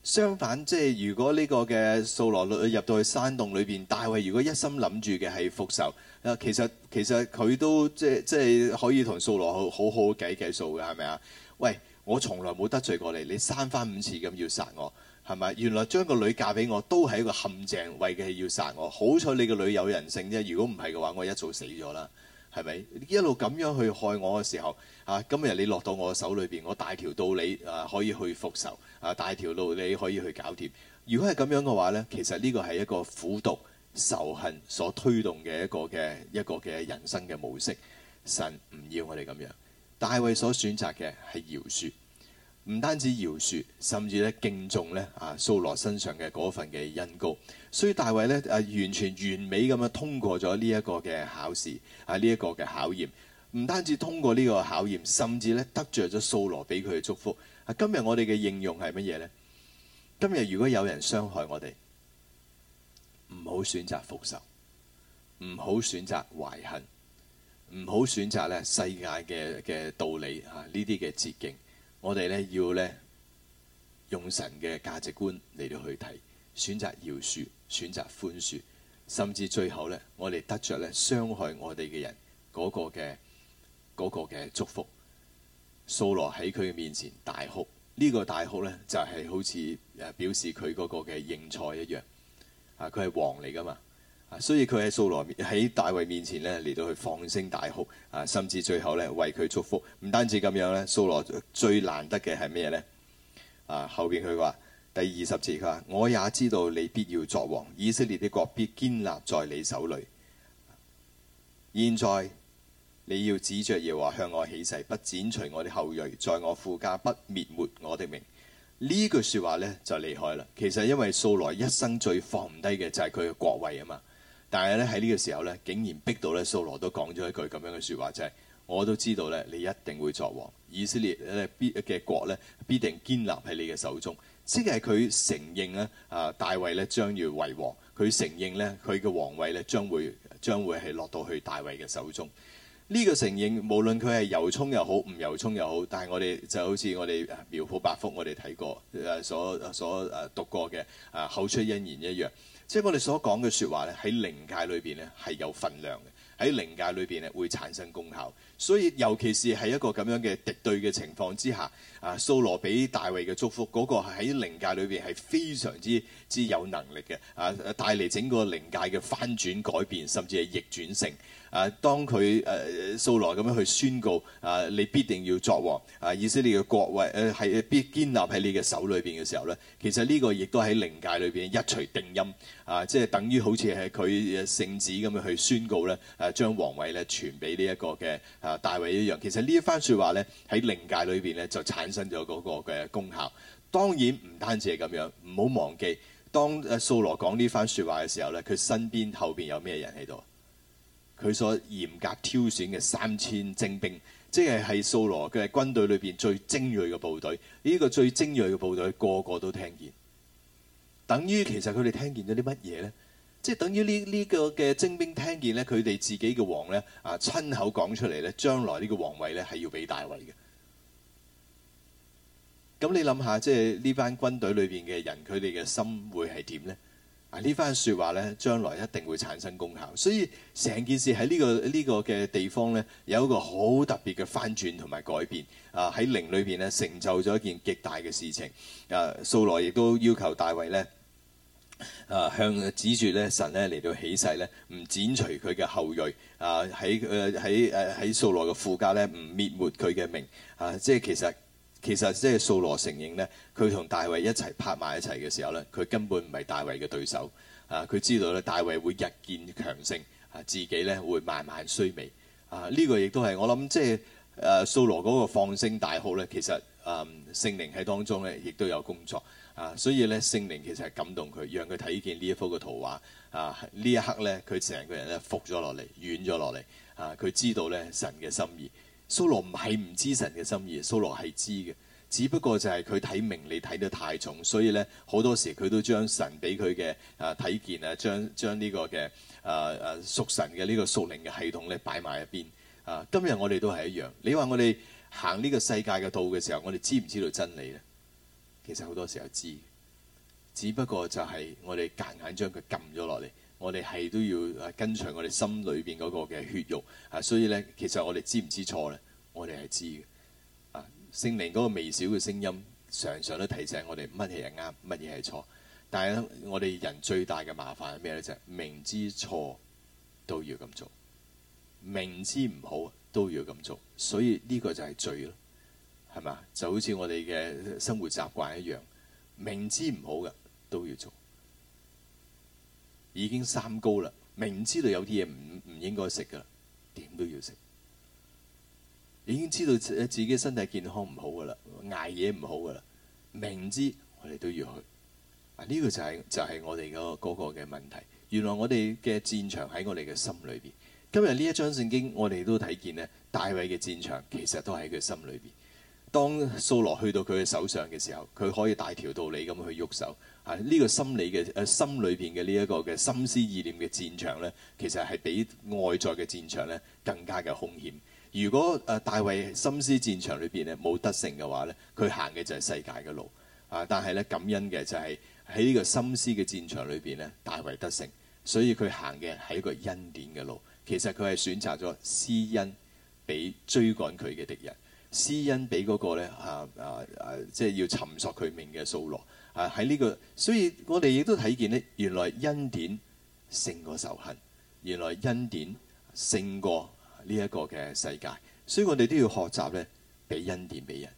相反，即係如果呢個嘅掃羅入到去山洞裏邊，大衛如果一心諗住嘅係復仇，其實其實佢都即即係可以同掃羅好好好計計數嘅，係咪啊？喂，我從來冇得罪過你，你三番五次咁要殺我，係咪？原來將個女嫁俾我都係一個陷阱，為嘅係要殺我。好彩你個女有人性啫，如果唔係嘅話，我一早死咗啦。係咪一路咁樣去害我嘅時候啊？今日你落到我嘅手裏邊，我大條道理啊可以去復仇啊，大條道理可以去搞掂。如果係咁樣嘅話呢，其實呢個係一個苦毒仇恨所推動嘅一個嘅一個嘅人生嘅模式。神唔要我哋咁樣。大衛所選擇嘅係饒恕。唔單止饒恕，甚至咧敬重咧啊，掃羅身上嘅嗰份嘅恩膏。所以大衛咧誒完全完美咁樣通過咗呢一個嘅考試啊，呢、這、一個嘅考驗。唔單止通過呢個考驗，甚至咧得着咗掃羅俾佢嘅祝福。啊，今日我哋嘅應用係乜嘢呢？今日如果有人傷害我哋，唔好選擇復仇，唔好選擇懷恨，唔好選擇咧世界嘅嘅道理啊，呢啲嘅捷徑。我哋咧要咧用神嘅價值觀嚟到去睇，選擇饒恕，選擇寬恕，甚至最後咧，我哋得着咧傷害我哋嘅人嗰個嘅嗰個嘅祝福。掃羅喺佢面前大哭，呢個大哭咧就係好似誒表示佢嗰個嘅認錯一樣。啊，佢係王嚟噶嘛？所以佢喺素羅喺大衛面前咧嚟到去放聲大哭，啊，甚至最後咧為佢祝福。唔單止咁樣咧，素羅最難得嘅係咩呢？啊，後邊佢話第二十節佢話：我也知道你必要作王，以色列的國必堅立在你手裏。現在你要指着耶和華向我起誓，不剪除我的後裔，在我父家不滅沒我的命。呢句說話呢就厲害啦。其實因為素羅一生最放唔低嘅就係佢嘅國位啊嘛。但係咧喺呢個時候咧，竟然逼到咧，掃羅都講咗一句咁樣嘅説話，就係、是，我都知道咧，你一定會作王，以色列必嘅國咧必定堅立喺你嘅手中。即係佢承認咧啊、呃、大衛咧將要為王，佢承認咧佢嘅皇位咧將會將會係落到去大衛嘅手中。呢、這個承認無論佢係由衷又好唔由衷又好，但係我哋就好似我哋苗圃百福我哋睇過誒所所誒讀過嘅啊口出因言一樣。即係我哋所講嘅説話咧，喺靈界裏邊咧係有份量嘅，喺靈界裏邊咧會產生功效。所以尤其是喺一個咁樣嘅敵對嘅情況之下，啊，掃羅俾大衛嘅祝福，嗰個係喺靈界裏邊係非常之之有能力嘅，啊，帶嚟整個靈界嘅翻轉改變，甚至係逆轉性。啊，當佢誒掃羅咁樣去宣告啊，你必定要作王啊，以色列嘅國位誒、啊、必堅立喺你嘅手裏邊嘅時候咧，其實呢個亦都喺靈界裏邊一錘定音啊，即係等於好似係佢聖旨咁樣去宣告咧，誒、啊、將皇位咧傳俾呢一個嘅啊大衛一樣。其實呢一番説話咧喺靈界裏邊咧就產生咗嗰個嘅功效。當然唔單止係咁樣，唔好忘記當掃羅講呢番説話嘅時候咧，佢身邊後邊有咩人喺度？佢所嚴格挑選嘅三千精兵，即係係掃羅嘅軍隊裏邊最精鋭嘅部隊。呢個最精鋭嘅部隊，個個都聽見。等於其實佢哋聽見咗啲乜嘢呢？即係等於呢呢個嘅精兵聽見呢，佢哋自己嘅王呢啊親口講出嚟呢，將來呢個王位呢係要俾大衛嘅。咁你諗下，即係呢班軍隊裏邊嘅人，佢哋嘅心會係點呢？啊！番說呢番說話咧，將來一定會產生功效，所以成件事喺呢、這個呢、這個嘅地方咧，有一個好特別嘅翻轉同埋改變啊！喺靈裏邊咧，成就咗一件極大嘅事情啊！掃羅亦都要求大衛咧啊，向指住咧神咧嚟到起誓咧，唔剪除佢嘅後裔啊！喺誒喺誒喺掃羅嘅父家，咧、啊，唔、啊啊、滅沒佢嘅名。啊！即係其實。其實即係掃羅承認呢，佢同大衛一齊拍埋一齊嘅時候呢，佢根本唔係大衛嘅對手啊！佢知道咧，大衛會日見強盛啊，自己呢會慢慢衰微啊！呢個亦都係我諗即係掃羅嗰個放聲大號呢，其實誒聖靈喺當中呢亦都有工作啊！所以呢，聖靈其實係感動佢，讓佢睇見呢一幅嘅圖畫啊！呢一刻呢，佢成個人呢，服咗落嚟，軟咗落嚟啊！佢知道呢，神嘅心意。掃羅唔係唔知神嘅心意，掃羅係知嘅，只不過就係佢睇明你睇得太重，所以咧好多時佢都將神俾佢嘅啊體見啊，將將呢個嘅啊啊屬神嘅呢個屬靈嘅系統咧擺埋一邊啊、呃。今日我哋都係一樣，你話我哋行呢個世界嘅道嘅時候，我哋知唔知道真理咧？其實好多時候知，只不過就係我哋夾硬，硬將佢撳咗落嚟。我哋係都要跟隨我哋心裏邊嗰個嘅血肉，啊，所以咧，其實我哋知唔知錯咧？我哋係知嘅。啊，聖靈嗰個微小嘅聲音，常常都提醒我哋乜嘢係啱，乜嘢係錯。但係咧，我哋人最大嘅麻煩係咩咧？啫、就係，明知錯都要咁做，明知唔好都要咁做。所以呢個就係罪咯，係咪？就好似我哋嘅生活習慣一樣，明知唔好嘅都要做。已經三高啦，明知道有啲嘢唔唔應該食噶啦，點都要食。已經知道自己身體健康唔好噶啦，捱夜唔好噶啦，明知我哋都要去。啊，呢個就係就係我哋個嗰個嘅問題。原來我哋嘅戰場喺我哋嘅心裏邊。今日呢一章聖經我哋都睇見咧，大衛嘅戰場其實都喺佢心裏邊。當掃羅去到佢嘅手上嘅時候，佢可以大條道理咁去喐手。啊！呢、這個心理嘅誒、呃、心裏邊嘅呢一個嘅心思意念嘅戰場呢，其實係比外在嘅戰場呢更加嘅凶險。如果誒、呃、大衛心思戰場裏邊咧冇得勝嘅話呢，佢行嘅就係世界嘅路。啊！但係呢，感恩嘅就係喺呢個心思嘅戰場裏邊呢，大衛得勝，所以佢行嘅係一個恩典嘅路。其實佢係選擇咗施恩俾追趕佢嘅敵人，施恩俾嗰個咧啊，啊，啊即係要尋索佢命嘅掃羅。啊！喺呢個，所以我哋亦都睇見呢，原來恩典勝過仇恨，原來恩典勝過呢一個嘅世界，所以我哋都要學習呢，俾恩典俾人，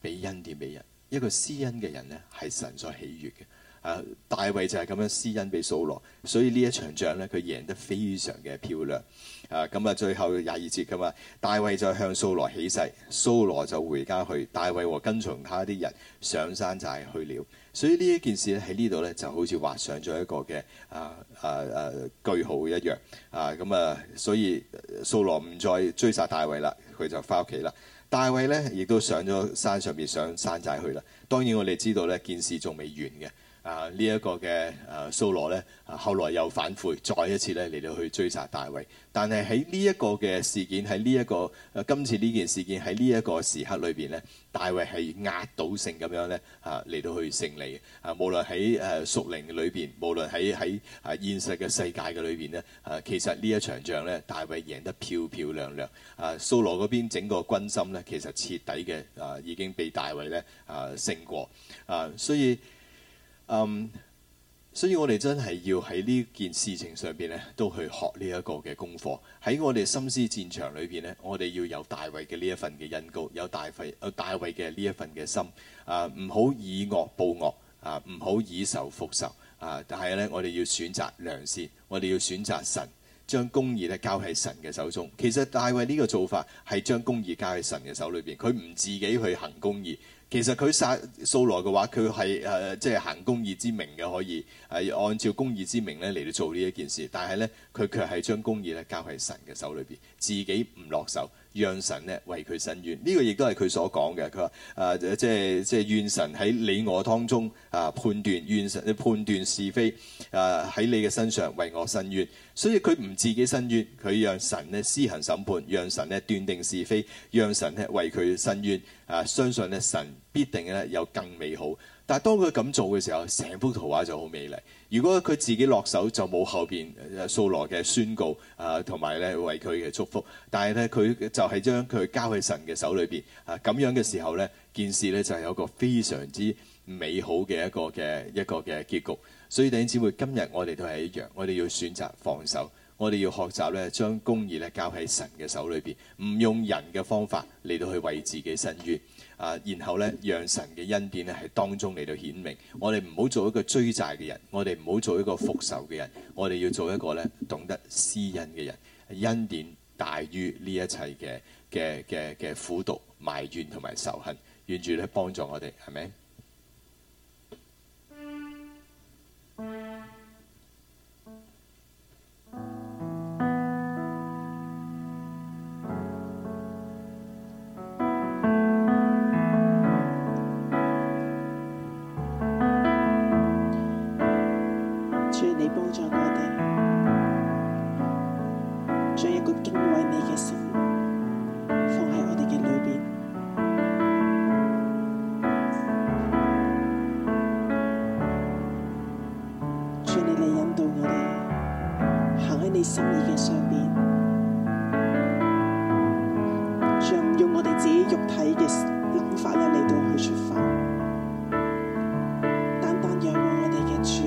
俾恩典俾人，一個施恩嘅人呢，係神所喜悅嘅。啊！大衛就係咁樣施恩俾掃羅，所以呢一場仗呢，佢贏得非常嘅漂亮。啊，咁啊，最後廿二節咁啊，大衛就向掃羅起誓，掃羅就回家去，大衛和跟從他啲人上山寨去了。所以呢一件事咧，喺呢度呢，就好似畫上咗一個嘅啊啊啊句號一樣。啊，咁啊，所以掃羅唔再追殺大衛啦，佢就翻屋企啦。大衛呢，亦都上咗山上面上山寨去啦。當然我哋知道呢件事仲未完嘅。啊！呢、這、一個嘅啊，掃羅咧、啊，後來又反悔，再一次咧嚟到去追殺大衛。但係喺呢一個嘅事件，喺呢一個、啊、今次呢件事件，喺呢一個時刻裏邊呢，大衛係壓倒性咁樣呢啊嚟到去勝利嘅。啊，無論喺誒屬靈裏邊，無論喺喺啊現實嘅世界嘅裏邊呢，啊其實呢一場仗呢，大衛贏得漂漂亮亮。啊，掃羅嗰邊整個軍心呢，其實徹底嘅啊已經被大衛呢啊勝過啊，所以。嗯，um, 所以我哋真係要喺呢件事情上邊呢，都去學呢一個嘅功課。喺我哋心思戰場裏邊呢，我哋要有大衛嘅呢一份嘅恩膏，有大衛有大衛嘅呢一份嘅心。啊，唔好以惡報惡，啊，唔好以仇復仇。啊，但係呢，我哋要選擇良善，我哋要選擇神，將公義呢交喺神嘅手中。其實，大衛呢個做法係將公義交喺神嘅手裏邊，佢唔自己去行公義。其實佢殺掃羅嘅話，佢係誒行公義之名嘅，可以、呃、按照公義之名咧嚟做呢一件事。但係呢，佢卻係將公義咧交喺神嘅手裏邊，自己唔落手。讓神咧為佢伸冤，呢、這個亦都係佢所講嘅。佢話誒，即係即係願神喺你我當中啊，判斷願神判斷是非啊，喺、呃、你嘅身上為我伸冤。所以佢唔自己伸冤，佢讓神咧施行審判，讓神咧斷定是非，讓神咧為佢伸冤啊！相信咧神必定咧有更美好。但係當佢咁做嘅時候，成幅圖畫就好美麗。如果佢自己落手，就冇後邊掃羅嘅宣告啊，同埋咧為佢嘅祝福。但係咧，佢就係將佢交喺神嘅手裏邊啊。咁樣嘅時候咧，件事咧就係有個非常之美好嘅一個嘅一個嘅結局。所以弟兄姊妹，今日我哋都係一樣，我哋要選擇放手，我哋要學習咧將公義咧交喺神嘅手裏邊，唔用人嘅方法嚟到去為自己伸冤。啊，然後呢，讓神嘅恩典呢喺當中嚟到顯明。我哋唔好做一個追債嘅人，我哋唔好做一個復仇嘅人，我哋要做一個呢懂得施恩嘅人。恩典大於呢一切嘅嘅嘅嘅苦毒、埋怨同埋仇恨，願住去幫助我哋，係咪？心意嘅上邊，讓用我哋自己肉體嘅諗法咧嚟到去出發，單單仰望我哋嘅主。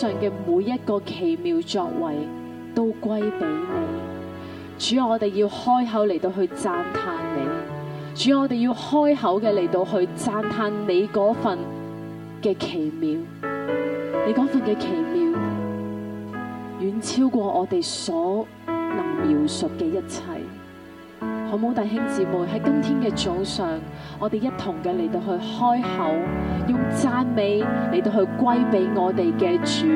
上嘅每一個奇妙作為，都歸俾你，主。我哋要開口嚟到去讚嘆你，主。我哋要開口嘅嚟到去讚嘆你份嘅奇妙，你份嘅奇妙，遠超過我哋所能描述嘅一切。好冇，弟兄姊妹，喺今天嘅早上，我哋一同嘅嚟到去開口，用讚美嚟到去歸俾我哋嘅主，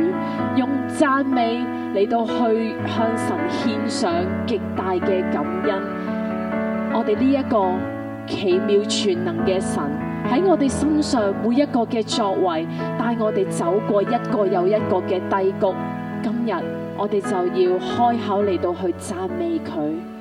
用讚美嚟到去向神獻上極大嘅感恩。我哋呢一個奇妙全能嘅神，喺我哋身上每一個嘅作為，帶我哋走過一個又一個嘅低谷。今日我哋就要開口嚟到去讚美佢。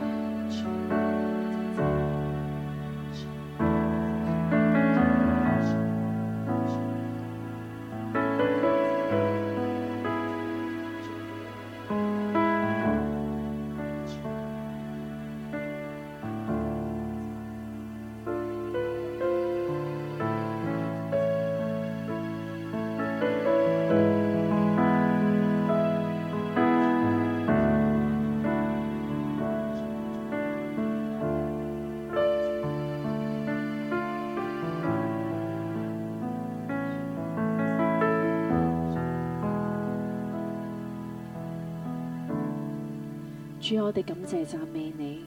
主，我哋感謝讚美你。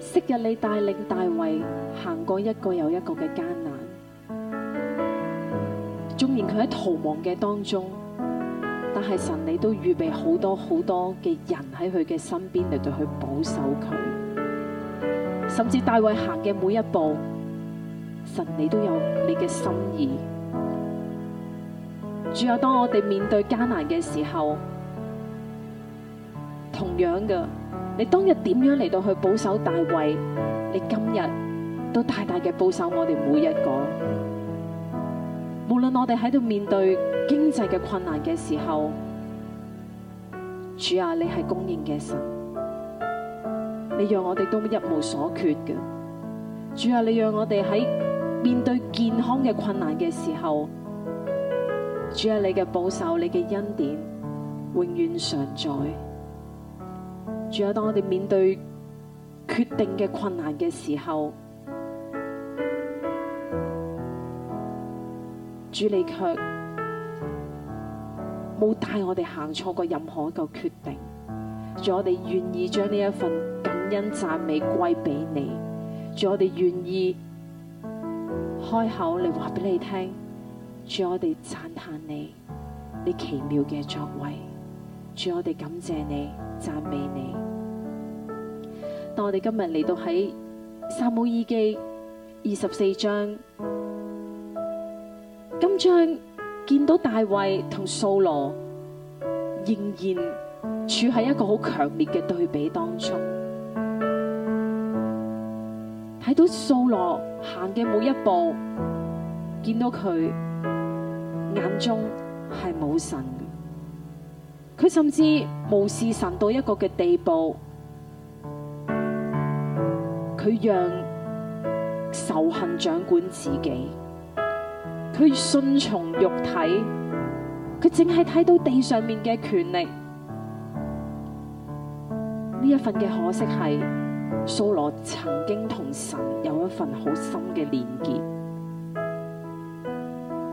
昔日你帶領大衛行過一個又一個嘅艱難，縱然佢喺逃亡嘅當中，但係神你都預備好多好多嘅人喺佢嘅身邊嚟到去保守佢。甚至大衛行嘅每一步，神你都有你嘅心意。主啊，當我哋面對艱難嘅時候，同樣嘅，你當日點樣嚟到去保守大衛，你今日都大大嘅保守我哋每一個。無論我哋喺度面對經濟嘅困難嘅時候，主啊，你係供應嘅神，你讓我哋都一無所缺嘅。主啊，你讓我哋喺面對健康嘅困難嘅時候，主啊，你嘅保守，你嘅恩典，永遠常在。仲有當我哋面對決定嘅困難嘅時候，主你卻冇帶我哋行錯過任何一個決定。主，我哋願意將呢一份感恩讚美歸俾你。主，我哋願意，意開口嚟話俾你聽。主，我哋讚嘆你，你奇妙嘅作為。主，我哋感謝你，讚美你。當我哋今日嚟到喺撒母耳記二十四章，今章見到大衛同掃羅仍然處喺一個好強烈嘅對比當中，睇到掃羅行嘅每一步，見到佢眼中係冇神嘅，佢甚至無視神到一個嘅地步。佢讓仇恨掌管自己，佢順從肉體，佢淨係睇到地上面嘅權力。呢一份嘅可惜係，掃羅曾經同神有一份好深嘅連結，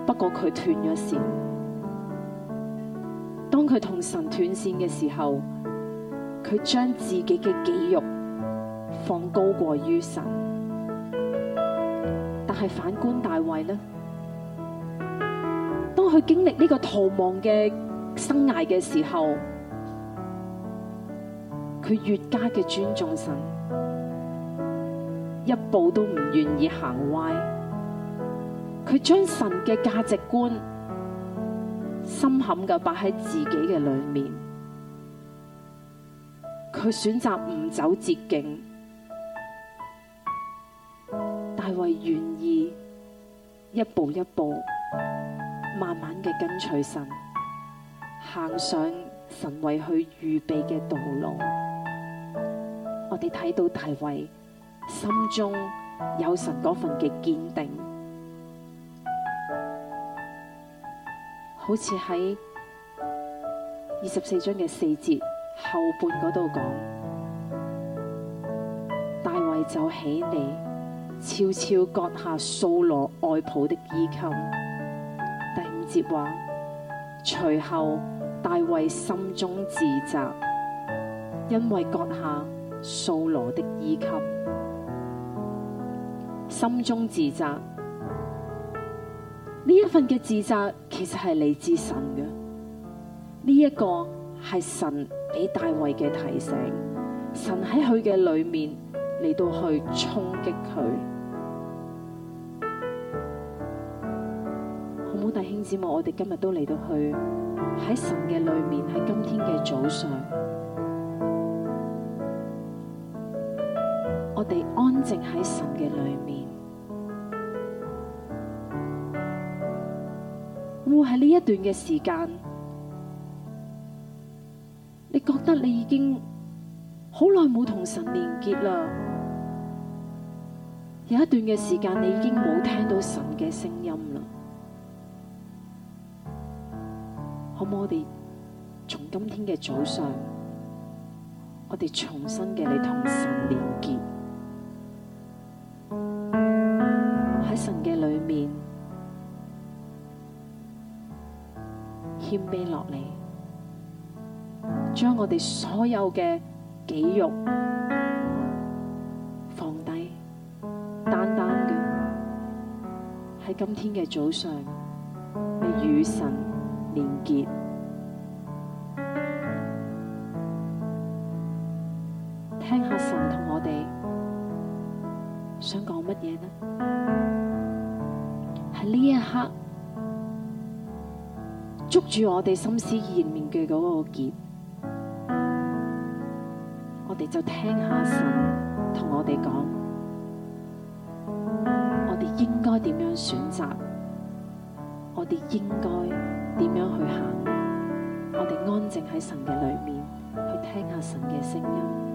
不過佢斷咗線。當佢同神斷線嘅時候，佢將自己嘅肌肉。放高過於神，但係反觀大衛呢，當佢經歷呢個逃亡嘅生涯嘅時候，佢越加嘅尊重神，一步都唔願意行歪，佢將神嘅價值觀深含嘅擺喺自己嘅裏面，佢選擇唔走捷徑。願意一步一步，慢慢嘅跟隨神，行上神為佢預備嘅道路。我哋睇到大衛心中有神嗰份嘅堅定，好似喺二十四章嘅四節後半嗰度講，大衛就起嚟。」悄悄割下掃羅外袍的衣襟。第五節話，隨後大衛心中自責，因為割下掃羅的衣襟，心中自責。呢一份嘅自責其實係嚟自神嘅，呢、這、一個係神俾大衛嘅提醒，神喺佢嘅裏面嚟到去衝擊佢。希望我哋今日都嚟到去喺神嘅裏面，喺今天嘅早上，我哋安靜喺神嘅裏面。會喺呢一段嘅時間，你覺得你已經好耐冇同神連結啦？有一段嘅時間，你已經冇聽到神嘅聲音啦。我哋從今天嘅早上，我哋重新嘅你同神連結喺神嘅裏面謙卑落嚟，將我哋所有嘅己欲放低，單單嘅喺今天嘅早上你與神。連結，聽下神同我哋想講乜嘢呢？喺呢一刻捉住我哋心思意念嘅嗰個結，我哋就聽下神同我哋講，我哋應該點樣選擇？我哋應該。點樣去行？我哋安靜喺神嘅裏面，去聽下神嘅聲音。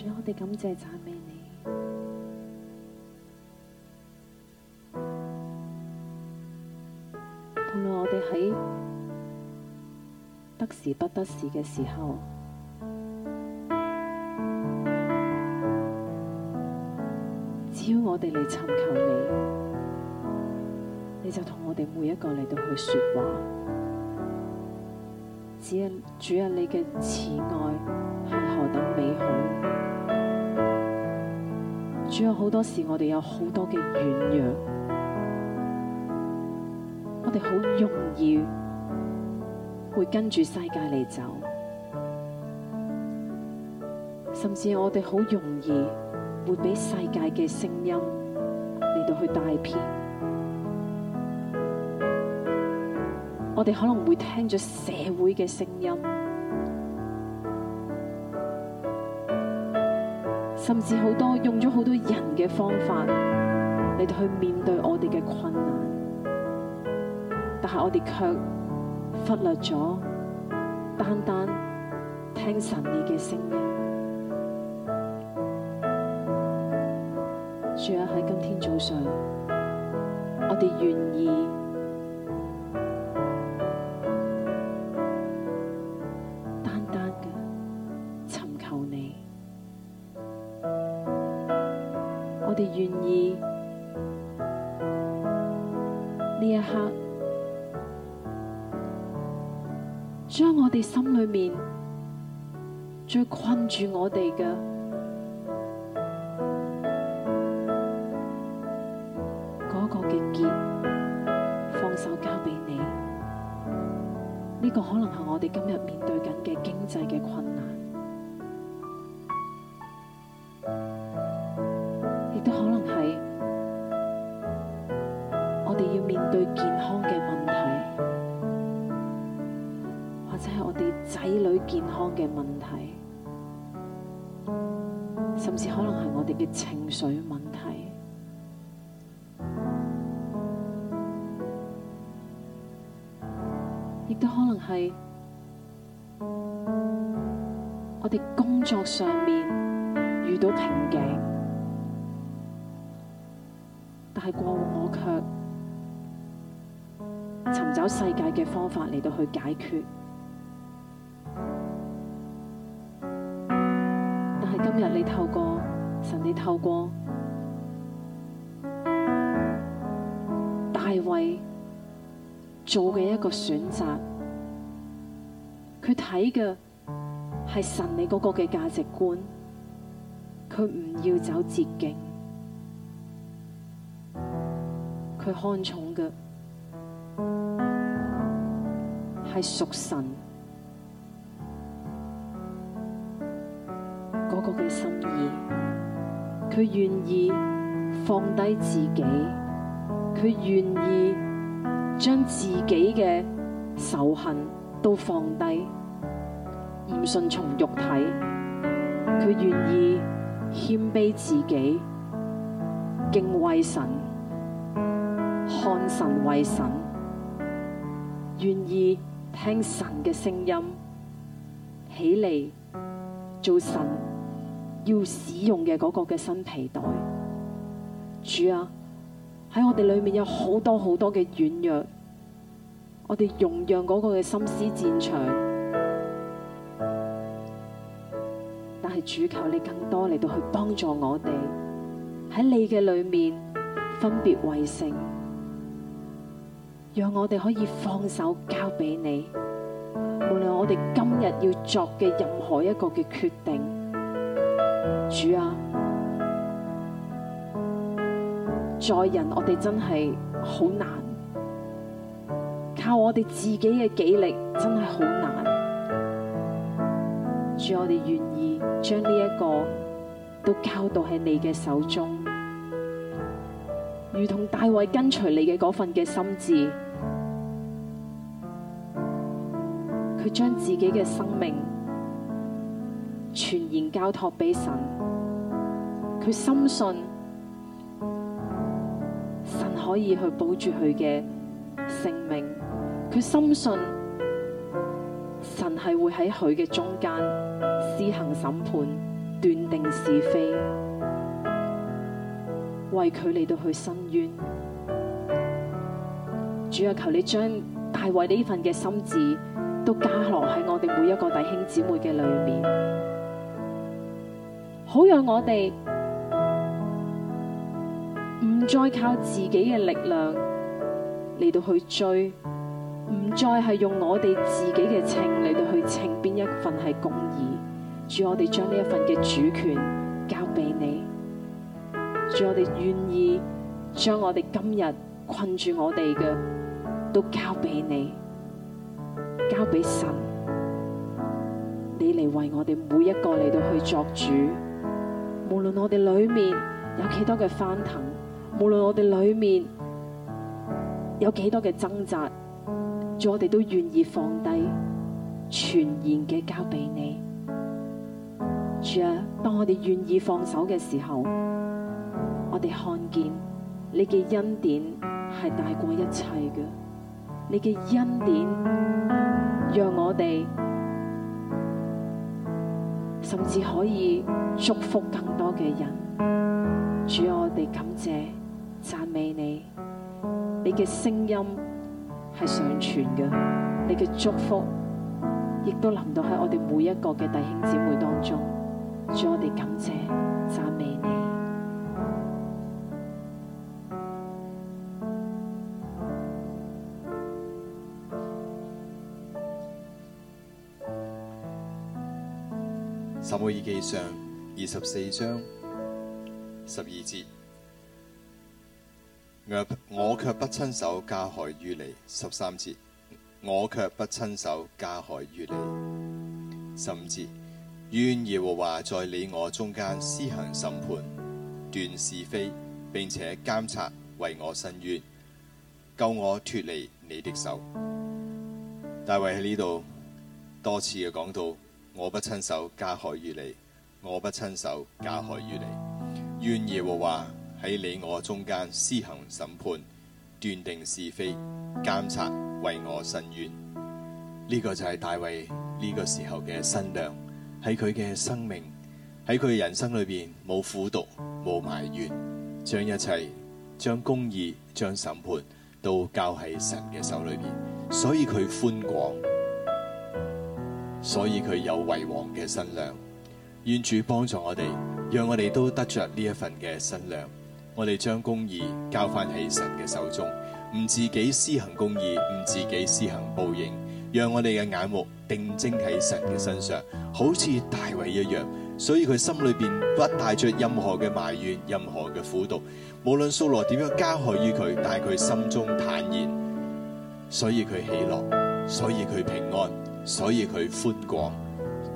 最好我哋感謝讚美你。無論我哋喺得時不得時嘅時候，只要我哋嚟尋求你，你就同我哋每一個嚟到去説話。主人，你嘅慈愛係何等美好！主要好多時，我哋有好多嘅軟弱，我哋好容易會跟住世界嚟走，甚至我哋好容易會俾世界嘅聲音嚟到去帶偏。我哋可能會聽咗社會嘅聲音，甚至好多用咗好多人嘅方法嚟到去面對我哋嘅困難，但係我哋卻忽略咗單單聽神你嘅聲音。仲有喺今天早上，我哋願意。我哋願意呢一刻，將我哋心裏面最困住我哋嘅嗰個結，放手交俾你。呢個可能係我哋今日面對緊嘅經濟嘅困難。都可能係我哋工作上面遇到瓶頸，但係過往我卻尋找世界嘅方法嚟到去解決，但係今日你透過神，你透過。做嘅一個選擇，佢睇嘅係神你嗰個嘅價值觀，佢唔要走捷徑，佢看重嘅係屬神嗰個嘅心意，佢願意放低自己，佢願意。將自己嘅仇恨都放低，唔順從肉體，佢願意謙卑自己，敬畏神，看神為神，願意聽神嘅聲音，起嚟做神要使用嘅嗰個嘅新皮袋，主啊！喺我哋裏面有好多好多嘅軟弱，我哋容讓嗰個嘅心思戰場，但係主求你更多嚟到去幫助我哋喺你嘅裏面分別為聖，讓我哋可以放手交俾你，無論我哋今日要作嘅任何一個嘅決定，主啊。在人，我哋真係好難，靠我哋自己嘅己力真係好難。主，我哋願意將呢、這、一個都交到喺你嘅手中，如同大衛跟隨你嘅嗰份嘅心志。佢將自己嘅生命全然交託俾神，佢深信，可以去保住佢嘅性命，佢深信神係會喺佢嘅中間施行審判、斷定是非，為佢嚟到去申冤。主，要求你將大衛呢份嘅心志都加落喺我哋每一個弟兄姊妹嘅裏面，好讓我哋。再靠自己嘅力量嚟到去追，唔再係用我哋自己嘅稱嚟到去稱邊一份係公義。主，我哋將呢一份嘅主權交俾你。主，我哋願意將我哋今日困住我哋嘅都交俾你，交俾神，你嚟為我哋每一個嚟到去作主。無論我哋裏面有幾多嘅翻騰。無論我哋裏面有幾多嘅掙扎，主，我哋都願意放低全然嘅交俾你，主啊！當我哋願意放手嘅時候，我哋看見你嘅恩典係大過一切嘅，你嘅恩典讓我哋甚至可以祝福更多嘅人，主啊，我哋感謝。讚美你，你嘅聲音係上傳嘅，你嘅祝福亦都臨到喺我哋每一個嘅弟兄姊妹當中。主，我哋感謝讚美你。《撒母耳記上》二十四章十二節。我卻不親手加害於你，十三節。我卻不親手加害於你。十五節，願耶和華在你我中間施行審判，斷是非，並且監察為我伸冤，救我脫離你的手。大衛喺呢度多次嘅講到，我不親手加害於你，我不親手加害於你，願耶和華。喺你我中間施行審判，斷定是非，監察為我伸冤，呢、這個就係大衛呢個時候嘅心量。喺佢嘅生命，喺佢人生裏邊，冇苦毒、冇埋怨，將一切，將公義、將審判都交喺神嘅手裏邊。所以佢寬廣，所以佢有為王嘅心量。願主幫助我哋，讓我哋都得着呢一份嘅心量。我哋將公義交翻喺神嘅手中，唔自己施行公義，唔自己施行報應，讓我哋嘅眼目定睛喺神嘅身上，好似大衛一樣。所以佢心裏邊不帶着任何嘅埋怨，任何嘅苦毒。無論蘇羅點樣加害於佢，但係佢心中坦然。所以佢喜樂，所以佢平安，所以佢寬廣。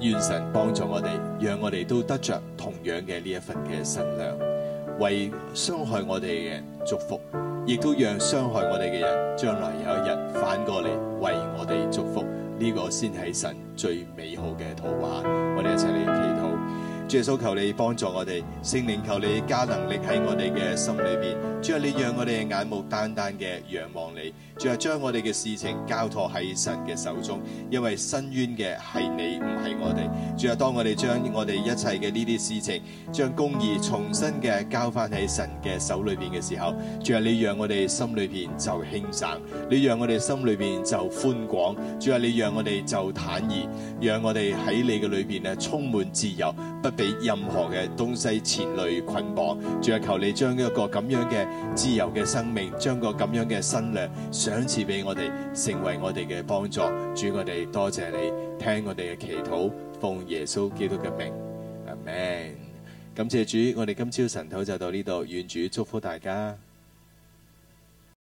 願神幫助我哋，讓我哋都得着同樣嘅呢一份嘅神糧。為傷害我哋嘅祝福，亦都讓傷害我哋嘅人將來有一日反過嚟為我哋祝福，呢個先係神最美好嘅圖畫。我哋一齊嚟祈禱。主耶穌，求你幫助我哋，聖靈求你加能力喺我哋嘅心裏邊。主啊，你讓我哋眼目單單嘅仰望你。主啊，將我哋嘅事情交託喺神嘅手中，因為伸冤嘅係你，唔係我哋。主啊，當我哋將我哋一切嘅呢啲事情，將公義重新嘅交翻喺神嘅手裏邊嘅時候，主啊，你讓我哋心裏邊就輕省，你讓我哋心裏邊就寬廣。主啊，你讓我哋就坦然，讓我哋喺你嘅裏邊咧充滿自由，不畀任何嘅東西纏累捆綁，主啊，求你將一個咁樣嘅自由嘅生命，將個咁樣嘅新量賞賜俾我哋，成為我哋嘅幫助。主，我哋多謝你，聽我哋嘅祈禱，奉耶穌基督嘅名，阿門。感謝主，我哋今朝晨禱就到呢度，願主祝福大家。